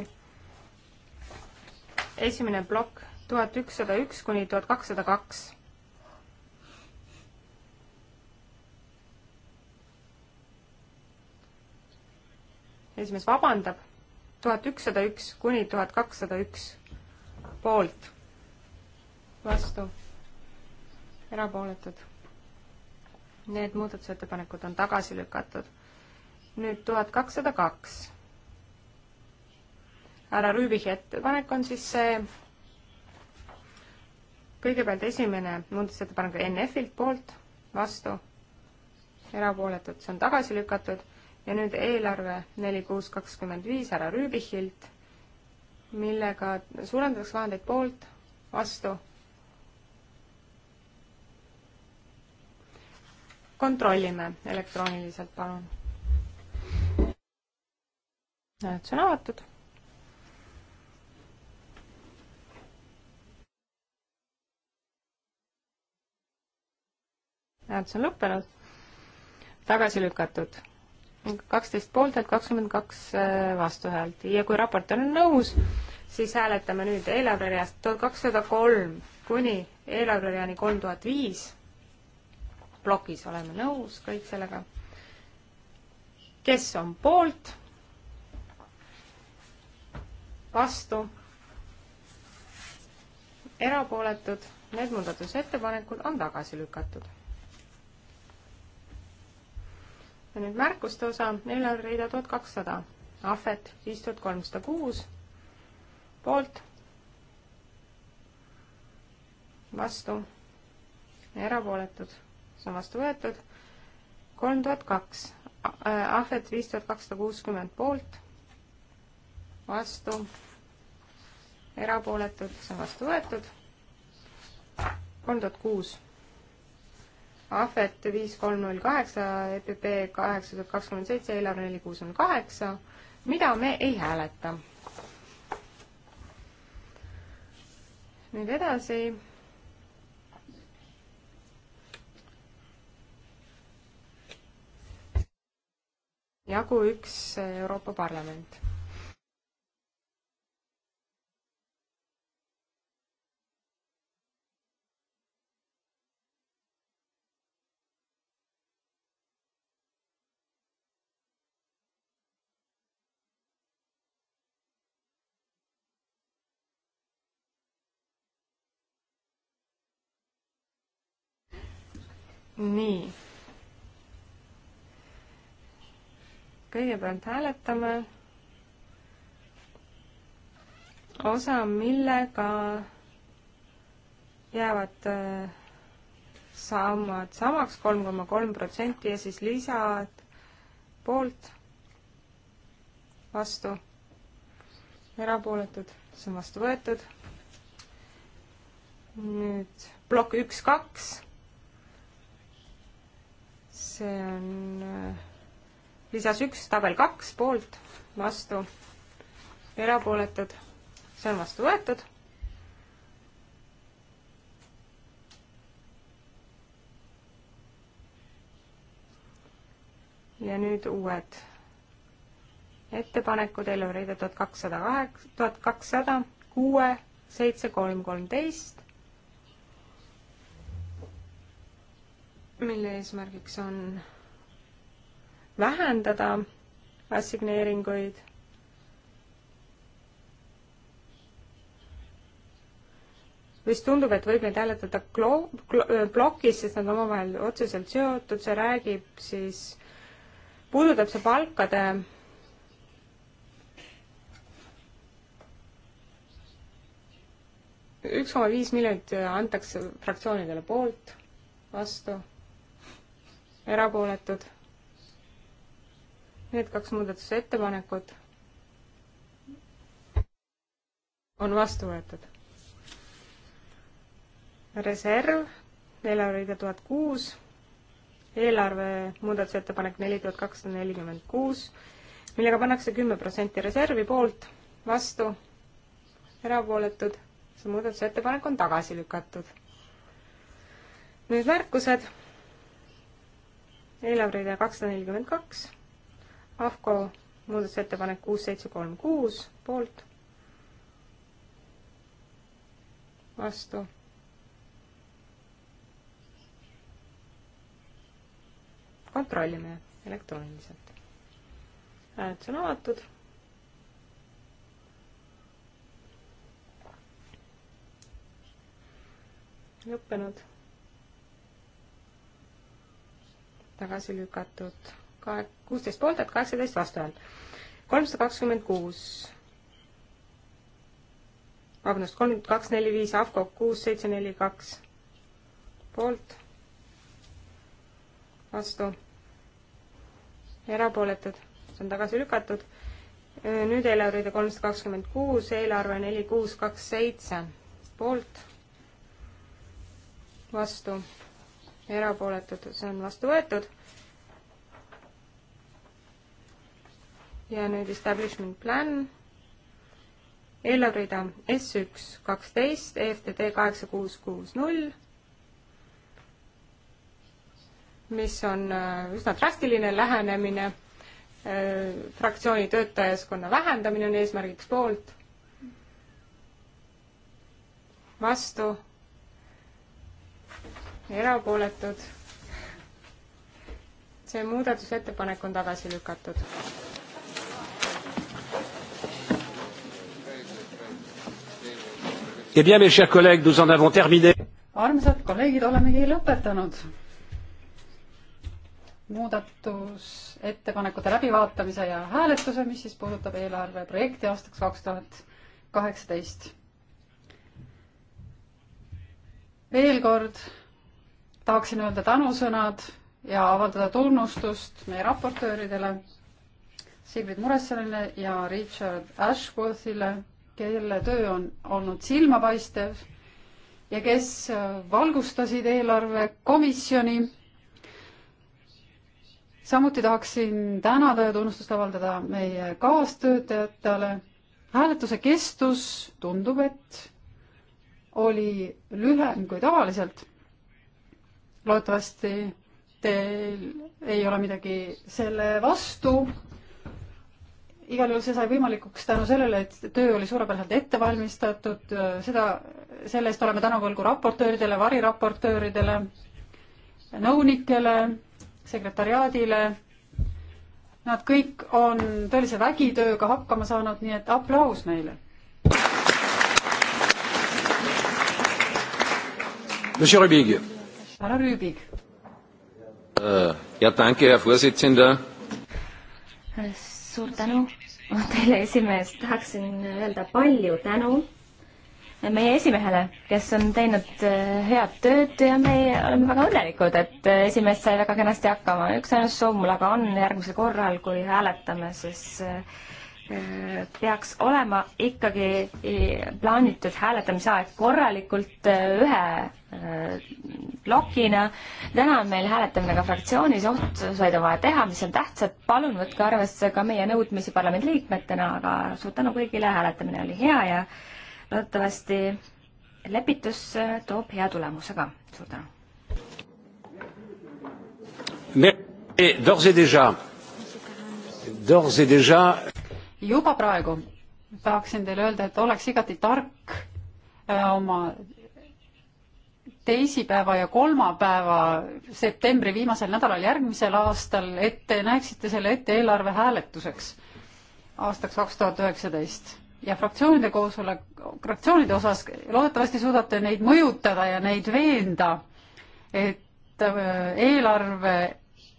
esimene plokk tuhat ükssada üks kuni tuhat kakssada kaks. esimees vabandab, tuhat ükssada üks kuni tuhat kakssada üks poolt, vastu erapooletud. Need muudatusettepanekud on tagasi lükatud. nüüd tuhat kakssada kaks. härra Rüübichi ettepanek on siis see kõigepealt esimene muudatusettepanek NF-ilt poolt, vastu, erapooletud, see on tagasi lükatud ja nüüd eelarve neli kuus kakskümmend viis härra Rüübichilt, millega suurendatakse vahendeid poolt, vastu kontrollime elektrooniliselt, palun. hääletus on avatud. hääletus on lõppenud. tagasi lükatud kaksteist poolthäält, kakskümmend kaks äh, vastuhäält ja kui raportöör on nõus, siis hääletame nüüd eelarvereast tuhat kakssada kolm kuni eelarvereani kolm tuhat viis plokis, oleme nõus kõik sellega. kes on poolt? vastu? erapooletud? Need muudatusettepanekud on tagasi lükatud. ja nüüd märkuste osa, eelarverida tuhat kakssada, ahvet viis tuhat kolmsada kuus, poolt vastu ja erapooletud see on vastu võetud. kolm tuhat kaks, äh, ahvet viis tuhat kakssada kuuskümmend poolt, vastu, erapooletud, see on vastu võetud. kolm tuhat kuus, ahvet viis kolm null kaheksa, EPP kaheksa tuhat kakskümmend seitse, eelarve neli kuus null kaheksa, mida me ei hääleta. nüüd edasi jagu üks Euroopa Parlament. nii kõigepealt hääletame osa, millega jäävad äh, sammad samaks, kolm koma kolm protsenti ja siis lisad poolt, vastu, erapooletud, see on vastu võetud. nüüd plokk üks, kaks. see on äh, lisas üks, tabel kaks, poolt, vastu, erapooletud, see on vastu võetud. ja nüüd uued ettepanekud, ellu reidetud kakssada kaheksa, tuhat kakssada, kuue, seitse, kolm, kolmteist, mille eesmärgiks on vähendada assigneeringuid. vist tundub, et võib neid hääletada klo-, klo-, plokis, sest nad on omavahel otseselt seotud, see räägib siis, puudutab see palkade üks koma viis miljonit antakse fraktsioonidele poolt, vastu, erapooletud Need kaks muudatusettepanekut on vastu võetud. reserv, eelarverida tuhat kuus, eelarve muudatusettepanek neli tuhat kakssada nelikümmend kuus, millega pannakse kümme protsenti reservi poolt, vastu, erapooletud, see muudatusettepanek on tagasi lükatud. nüüd märkused, eelarverida kakssada nelikümmend kaks AFCO muudatusettepanek kuus, seitse, kolm, kuus poolt, vastu. kontrollime elektrooniliselt. hääletus on avatud. lõppenud. tagasi lükatud ka kuusteist poolt, et kaheksateist vastu hääl. kolmsada kakskümmend kuus. vabandust, kolm, kaks, neli, viis, AFCO kuus, seitse, neli, kaks poolt, vastu, erapooletud, see on tagasi lükatud. nüüd eelarve kolmsada kakskümmend kuus, eelarve neli, kuus, kaks, seitse poolt, vastu, erapooletud, see on vastu võetud ja nüüd establishment plan, eelarverida S üks kaksteist, EFTD kaheksa kuus kuus null, mis on äh, üsna drastiline lähenemine, äh, fraktsiooni töötajaskonna vähendamine on eesmärgiks poolt, vastu, erapooletud see muudatusettepanek on tagasi lükatud. Eh bien, mes chers collègues, nous en avons terminé. armsad kolleegid, olemegi lõpetanud muudatusettepanekute läbivaatamise ja hääletuse, mis siis puudutab eelarve projekti aastaks kaks tuhat kaheksateist. veel kord tahaksin öelda tänusõnad ja avaldada tunnustust meie raportööridele Sigrid Muressonile ja Richard Ashworthile kelle töö on olnud silmapaistev ja kes valgustasid eelarvekomisjoni. samuti tahaksin tänada ja tunnustust avaldada meie kaastöötajatele. hääletuse kestus, tundub, et oli lühem kui tavaliselt. loodetavasti teil ei ole midagi selle vastu, igal juhul see sai võimalikuks tänu sellele, et töö oli suurepäraselt ette valmistatud, seda, selle eest oleme tänuvõlgu raportööridele, variraportööridele, nõunikele, sekretariaadile. Nad kõik on tõelise vägitööga hakkama saanud, nii et aplaus neile. härra Rüübig. Äh, ja tänke, hea voorsitsenda. Äh, suur tänu teile, esimees, tahaksin öelda palju tänu meie esimehele, kes on teinud eh, head tööd ja me oleme väga õnnelikud, et eh, esimees sai väga kenasti hakkama. üksainus soov mul aga on järgmisel korral, kui hääletame, siis äh, peaks olema ikkagi e, plaanitud hääletamisaeg korralikult e, ühe e, plokina. täna on meil hääletamine ka fraktsioonis, otsuseid on vaja teha, mis on tähtsad, palun võtke arvesse ka meie nõudmisi parlamendiliikmetena, aga suur tänu kõigile, hääletamine oli hea ja loodetavasti lepitus toob hea tulemuse ka, suur tänu. D'ores et déjà, d'ores et déjà juba praegu tahaksin teile öelda, et oleks igati tark äh, oma teisipäeva ja kolmapäeva septembri viimasel nädalal järgmisel aastal, et te näeksite selle ette eelarve hääletuseks aastaks kaks tuhat üheksateist ja fraktsioonide koosolek, fraktsioonide osas loodetavasti suudate neid mõjutada ja neid veenda, et äh, eelarve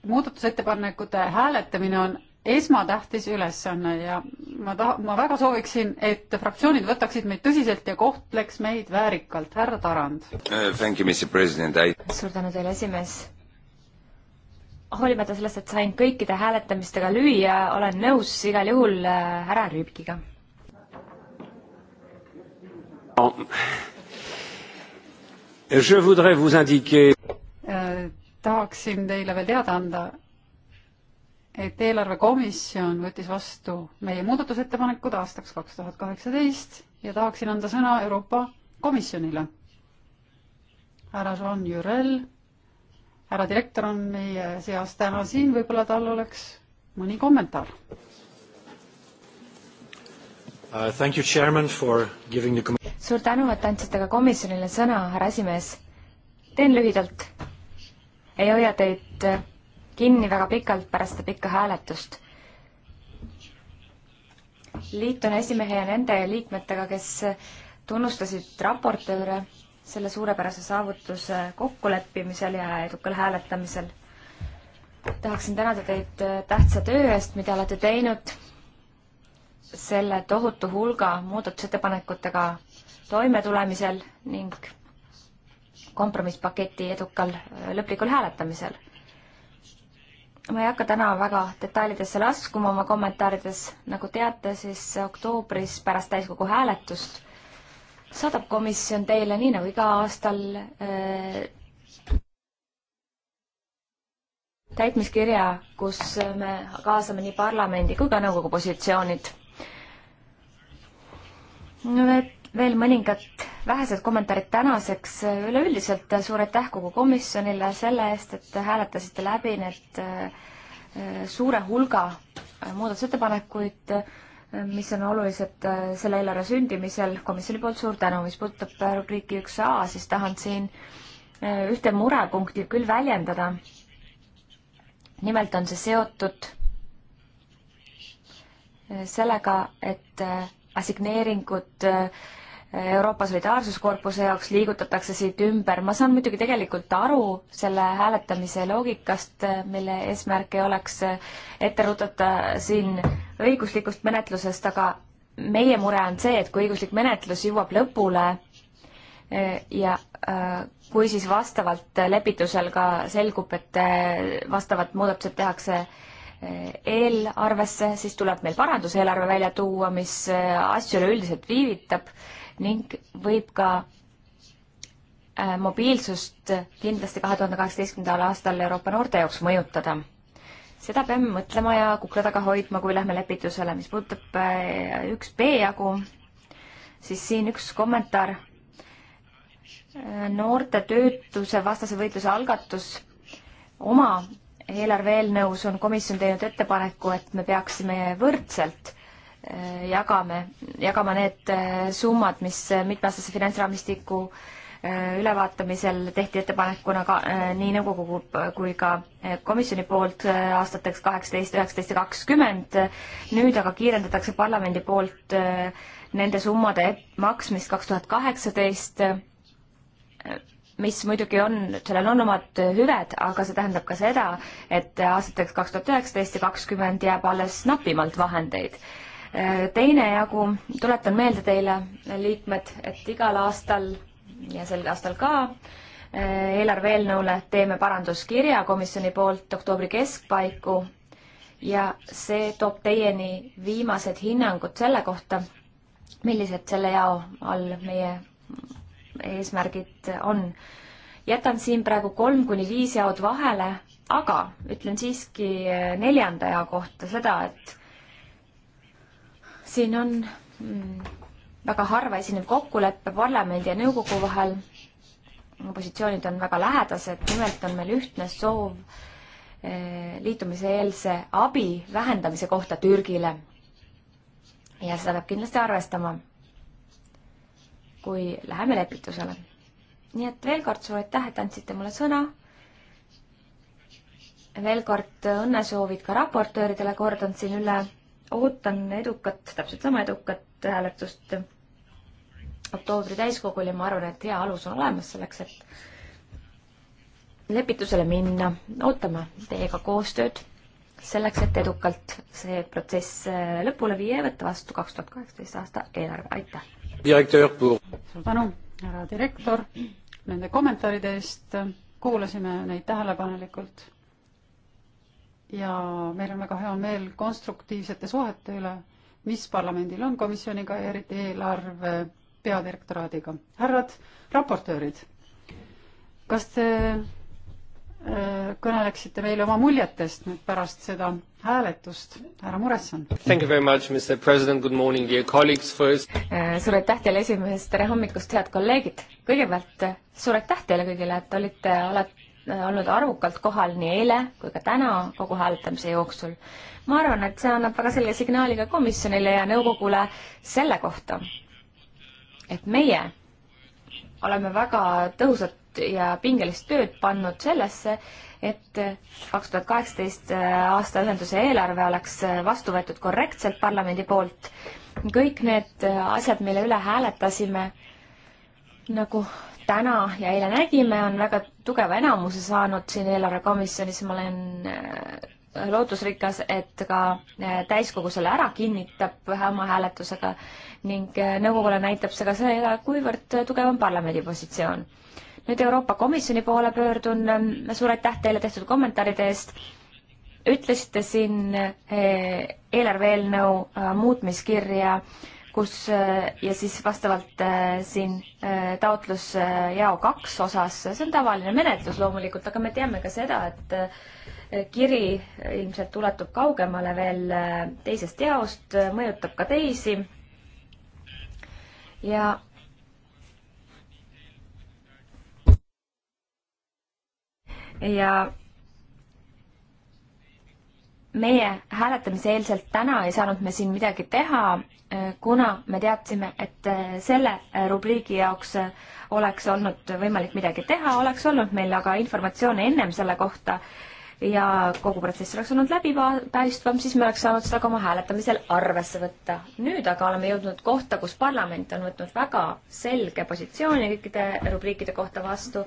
muudatusettepanekute hääletamine on esmatähtis ülesanne ja ma taha, ma väga sooviksin, et fraktsioonid võtaksid meid tõsiselt ja kohtleks meid väärikalt. härra Tarand uh,. I... suur tänu teile, esimees. hoolimata sellest, et sain kõikide hääletamistega lüüa, olen nõus igal juhul eh, härra Rüübikiga no.. Je voudrais vous indiquer eh, tahaksin teile veel teada anda, et eelarvekomisjon võttis vastu meie muudatusettepanekud aastaks kaks tuhat kaheksateist ja tahaksin anda sõna Euroopa Komisjonile. härra Jean Jurel, härra direktor on meie seas täna siin, võib-olla tal oleks mõni kommentaar uh,. Thank you, chairman, for giving the suur tänu, et andsite ka komisjonile sõna, härra esimees. teen lühidalt. ei hoia teid kinni väga pikalt pärast seda pikka hääletust. liitun esimehe ja nende liikmetega, kes tunnustasid raportööre selle suurepärase saavutuse kokkuleppimisel ja edukal hääletamisel. tahaksin tänada teid tähtsa töö eest, mida olete teinud selle tohutu hulga muudatusettepanekutega toimetulemisel ning kompromisspaketi edukal lõplikul hääletamisel ma ei hakka täna väga detailidesse laskuma oma kommentaarides, nagu teate, siis oktoobris pärast täiskogu hääletust saadab komisjon teile, nii nagu iga aastal äh,, täitmiskirja, kus me kaasame nii parlamendi kui ka nõukogu positsioonid. nüüd veel mõningad vähesed kommentaarid tänaseks. üleüldiselt suur aitäh kogu komisjonile selle eest, et hääletasite läbi need äh, suure hulga äh, muudatusettepanekuid, äh, mis on olulised selle eelarve sündimisel. komisjoni poolt suur tänu. mis puudutab rubriiki üks A, siis tahan siin ühte murepunkti küll väljendada. nimelt on see seotud sellega, et assigneeringud äh, Euroopa Solidaarsuskorpuse jaoks liigutatakse siit ümber, ma saan muidugi tegelikult aru selle hääletamise loogikast, mille eesmärk ei oleks ette rutata siin õiguslikust menetlusest, aga meie mure on see, et kui õiguslik menetlus jõuab lõpule eh, ja eh, kui siis vastavalt lepitusel ka selgub, et eh, vastavad muudatused tehakse eelarvesse, siis tuleb meil paranduseelarve välja tuua, mis asju üleüldiselt viivitab ning võib ka äh, mobiilsust kindlasti kahe tuhande kaheksateistkümnendal aastal Euroopa noorte jaoks mõjutada. seda peame mõtlema ja kukla taga hoidma, kui lähme lepitusele. mis puudutab äh, üks B jagu, siis siin üks kommentaar. Äh, noorte töötuse vastase võitluse algatus oma eelarve eelnõus on komisjon teinud ettepaneku, et me peaksime võrdselt jagame, jagama need äh, summad, mis äh, mitmeaastase finantsraamistiku äh, ülevaatamisel tehti ettepanekuna ka nii nõukogu kui ka komisjoni poolt aastateks kaheksateist, üheksateist ja kakskümmend. nüüd aga kiirendatakse parlamendi poolt nende summade maksmist kaks tuhat kaheksateist, mis muidugi on, sellel on omad hüved, aga see tähendab ka seda, et aastateks kaks tuhat üheksateist ja kakskümmend jääb alles napimalt vahendeid Eh, teine jagu, tuletan meelde teile, eh, liikmed, et igal aastal ja sel aastal ka eh, eelarve eelnõule teeme paranduskirja komisjoni poolt oktoobri keskpaiku ja see toob teieni viimased hinnangud selle kohta, millised selle jao all meie eesmärgid on. jätan siin praegu kolm kuni viis jaod vahele, aga ütlen siiski neljanda jao kohta seda, et siin on mm, väga harva esinev kokkulepe parlamendi ja nõukogu vahel. positsioonid on väga lähedased, nimelt on meil ühtne soov eh, liitumiseelse abi vähendamise kohta Türgile. ja seda peab kindlasti arvestama, kui läheme lepitusele. nii et veel kord suur aitäh, et andsite mulle sõna. veel kord õnnesoovid ka raportööridele kordan siin üle ootan edukat, täpselt sama edukat hääletust oktoobri täiskogul ja ma arvan, et hea alus on olemas selleks, et lepitusele minna. ootame teiega koostööd selleks, et edukalt see protsess lõpule viia ja võtta vastu kaks tuhat kaheksateist aasta eelarve. aitäh! suur tänu, härra direktor, nende kommentaaride eest. kuulasime neid tähelepanelikult ja meil on väga hea meel konstruktiivsete suhete üle, mis parlamendil on komisjoniga ja eriti eelarve peadirektoraadiga. härrad raportöörid, kas te äh, kõneleksite meile oma muljetest nüüd pärast seda hääletust, härra Muresson. Äh, suur aitäh teile esimees, tere hommikust, head kolleegid! kõigepealt suur aitäh teile kõigile, et olite alati olnud arvukalt kohal nii eile kui ka täna kogu hääletamise jooksul. ma arvan, et see annab väga selge signaali ka komisjonile ja nõukogule selle kohta, et meie oleme väga tõhusat ja pingelist tööd pannud sellesse, et kaks tuhat kaheksateist aasta ühenduse eelarve oleks vastu võetud korrektselt parlamendi poolt. kõik need asjad, mille üle hääletasime, nagu täna ja eile nägime, on väga tugeva enamuse saanud siin eelarvekomisjonis, ma olen äh, lootusrikas, et ka äh, täiskogu selle ära kinnitab ühe oma hääletusega ning äh, nõukogule näitab see ka seda, kuivõrd tugev on parlamendi positsioon. nüüd Euroopa Komisjoni poole pöördun, suur aitäh teile tehtud kommentaaride eest, ütlesite siin eelarve eelnõu muutmiskirja äh, kus ja siis vastavalt äh, siin äh, taotlus äh, jao kaks osas, see on tavaline menetlus loomulikult, aga me teame ka seda, et kiri ilmselt ulatub kaugemale veel teisest jaost, mõjutab ka teisi. ja ja meie hääletamise eelselt täna ei saanud me siin midagi teha, kuna me teadsime, et äh, selle äh, rubriigi jaoks äh, oleks olnud võimalik midagi teha, oleks olnud meil aga informatsiooni ennem selle kohta ja kogu protsess oleks olnud läbipaistvam, siis me oleks saanud seda ka oma hääletamisel arvesse võtta. nüüd aga oleme jõudnud kohta, kus parlament on võtnud väga selge positsiooni kõikide rubriikide kohta vastu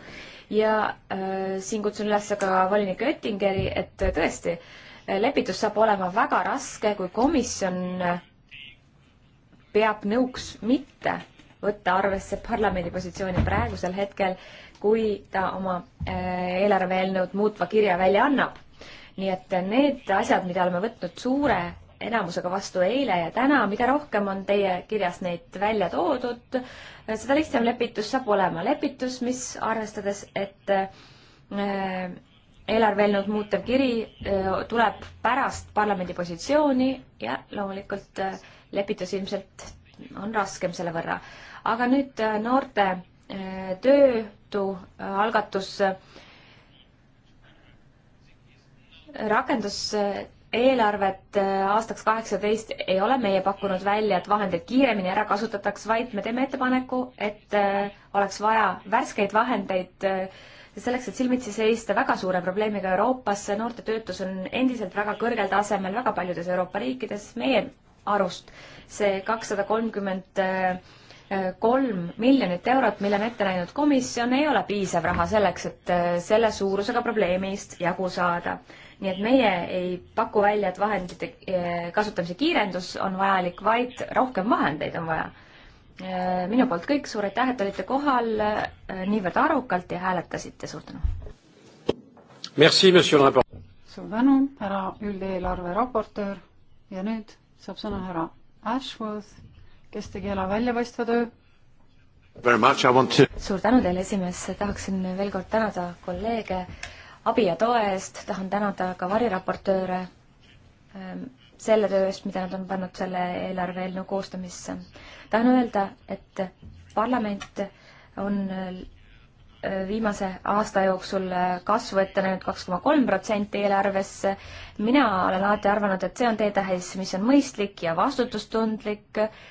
ja äh, siin kutsun üles ka volinik Oettingeri, et tõesti, lepitus saab olema väga raske, kui komisjon äh, peab nõuks mitte võtta arvesse parlamendi positsiooni praegusel hetkel, kui ta oma äh, eelarve eelnõud muutva kirja välja annab. nii et need asjad, mida oleme võtnud suure enamusega vastu eile ja täna, mida rohkem on teie kirjas neid välja toodud, äh, seda lihtsam lepitus saab olema. lepitus, mis arvestades, et äh, eelarve eelnõud muutev kiri tuleb pärast parlamendi positsiooni ja loomulikult äh, lepitus ilmselt on raskem selle võrra. aga nüüd äh, noorte äh, töötu äh, algatus rakendus eelarvet aastaks kaheksateist ei ole meie pakkunud välja, et vahendeid kiiremini ära kasutataks, vaid me teeme ettepaneku, et oleks vaja värskeid vahendeid selleks, et silmitsi seista väga suure probleemiga Euroopas. noorte töötus on endiselt väga kõrgel tasemel väga paljudes Euroopa riikides. meie arust. see kakssada kolmkümmend kolm miljonit eurot, mille on ette näinud komisjon, ei ole piisav raha selleks, et äh, selle suurusega probleemist jagu saada. nii et meie ei paku välja, et vahendite äh, kasutamise kiirendus on vajalik, vaid rohkem vahendeid on vaja. Äh, minu poolt kõik, suur aitäh, et olite kohal niivõrd arukalt ja hääletasite, suur tänu! suur tänu, härra üldeelarve raportöör ja nüüd saab sõna härra Ashworth, kes tegi ära väljapaistva töö. To... suur tänu teile, esimees, tahaksin veel kord tänada kolleege abi ja toe eest, tahan tänada ka variraportööre ähm, selle töö eest, mida nad on pannud selle eelarve eelnõu koostamisse. tahan öelda, et parlament on äh, viimase aasta jooksul kasvu ette näinud kaks koma kolm protsenti eelarvesse. mina olen alati arvanud, et see on teetähis, mis on mõistlik ja vastutustundlik äh,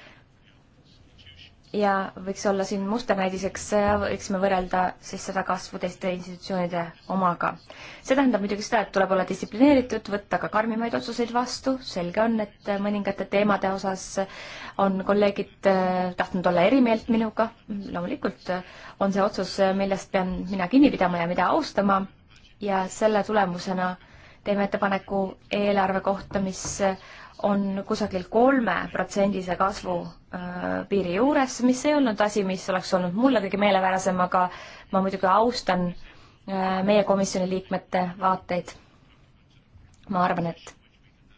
ja võiks olla siin musternäidiseks, võiksime võrrelda siis seda kasvu teiste institutsioonide omaga. see tähendab muidugi seda, et tuleb olla distsiplineeritud, võtta ka karmimaid otsuseid vastu, selge on, et mõningate teemade osas on kolleegid äh, tahtnud olla eri meelt minuga, loomulikult äh, on see otsus, äh, millest pean mina kinni pidama ja mida austama ja selle tulemusena teeme ettepaneku eelarve kohta, mis on kusagil kolmeprotsendise kasvu äh, piiri juures, mis ei olnud asi, mis oleks olnud mulle kõige meelepärasem, aga ma muidugi austan äh, meie komisjoni liikmete vaateid. ma arvan, et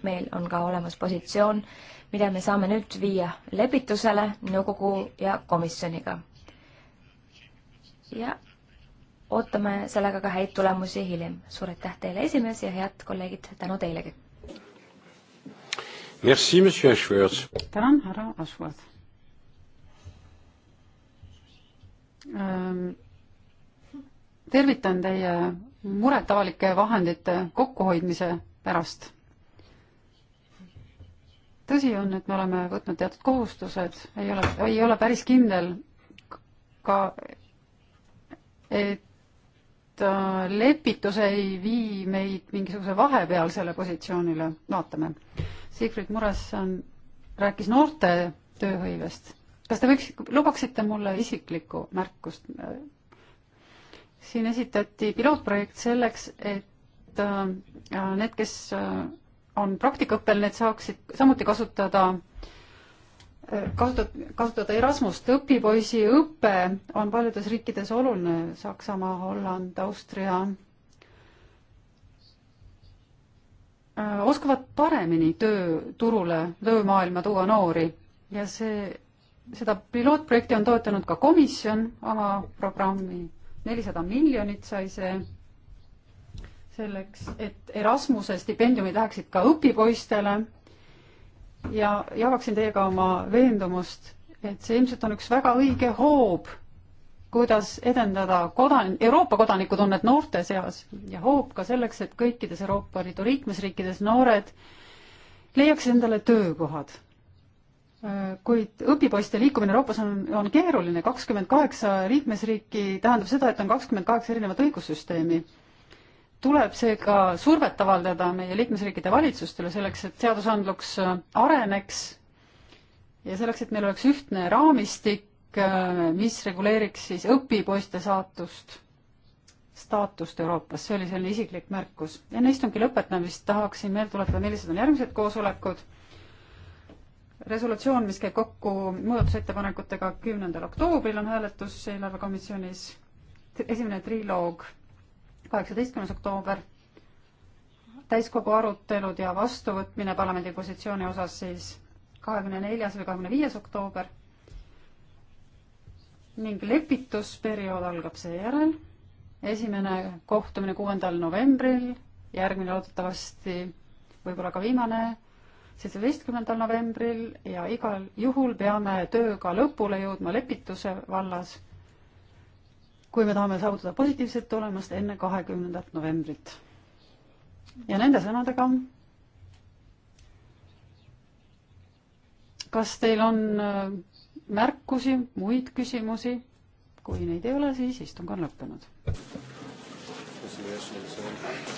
meil on ka olemas positsioon, mida me saame nüüd viia lepitusele nõukogu ja komisjoniga. ja ootame sellega ka häid tulemusi hiljem. suur aitäh teile, esimees, ja head kolleegid, tänu teilegi! tänan, härra Ashworth ähm,. tervitan teie muret avalike vahendite kokkuhoidmise pärast. tõsi on, et me oleme võtnud teatud kohustused, ei ole, ei ole päris kindel ka, et Äh, lepitus ei vii meid mingisuguse vahepealsele positsioonile, vaatame. Sigrid Muresson rääkis noorte tööhõivest. kas te võiks, lubaksite mulle isiklikku märkust? siin esitati pilootprojekt selleks, et äh, need, kes äh, on praktikaõppel, need saaksid samuti kasutada äh, kasutada, kasutada Erasmust, õpipoisi õpe on paljudes riikides oluline, Saksamaa, Holland, Austria, äh, oskavad paremini tööturule, töömaailma tuua noori ja see, seda pilootprojekti on toetanud ka komisjon oma programmi, nelisada miljonit sai see selleks, et Erasmuse stipendiumid läheksid ka õpipoistele ja jagaksin teiega oma veendumust, et see ilmselt on üks väga õige hoob, kuidas edendada kodan-, Euroopa kodanikutunnet noorte seas ja hoob ka selleks, et kõikides Euroopa Liidu liikmesriikides noored leiaks endale töökohad. kuid õpipoiste liikumine Euroopas on, on keeruline, kakskümmend kaheksa liikmesriiki tähendab seda, et on kakskümmend kaheksa erinevat õigussüsteemi tuleb seega survet avaldada meie liikmesriikide valitsustele selleks, et seadusandluks äh, areneks ja selleks, et meil oleks ühtne raamistik, äh, mis reguleeriks siis õpipoiste saatust, staatust Euroopas, see oli selline isiklik märkus. enne istungi lõpetamist tahaksin meelde tuletada, millised on järgmised koosolekud. resolutsioon, mis käib kokku muudatusettepanekutega kümnendal oktoobril on hääletus eelarvekomisjonis, esimene triloog kaheksateistkümnes oktoober, täiskogu arutelud ja vastuvõtmine parlamendi positsiooni osas siis kahekümne neljas või kahekümne viies oktoober ning lepitusperiood algab seejärel, esimene kohtumine kuuendal novembril, järgmine loodetavasti võib-olla ka viimane seitsmeteistkümnendal novembril ja igal juhul peame tööga lõpule jõudma lepituse vallas kui me tahame saavutada positiivset tulemust enne kahekümnendat novembrit. ja nende sõnadega. kas teil on äh, märkusi, muid küsimusi? kui neid ei ole, siis istung on lõppenud.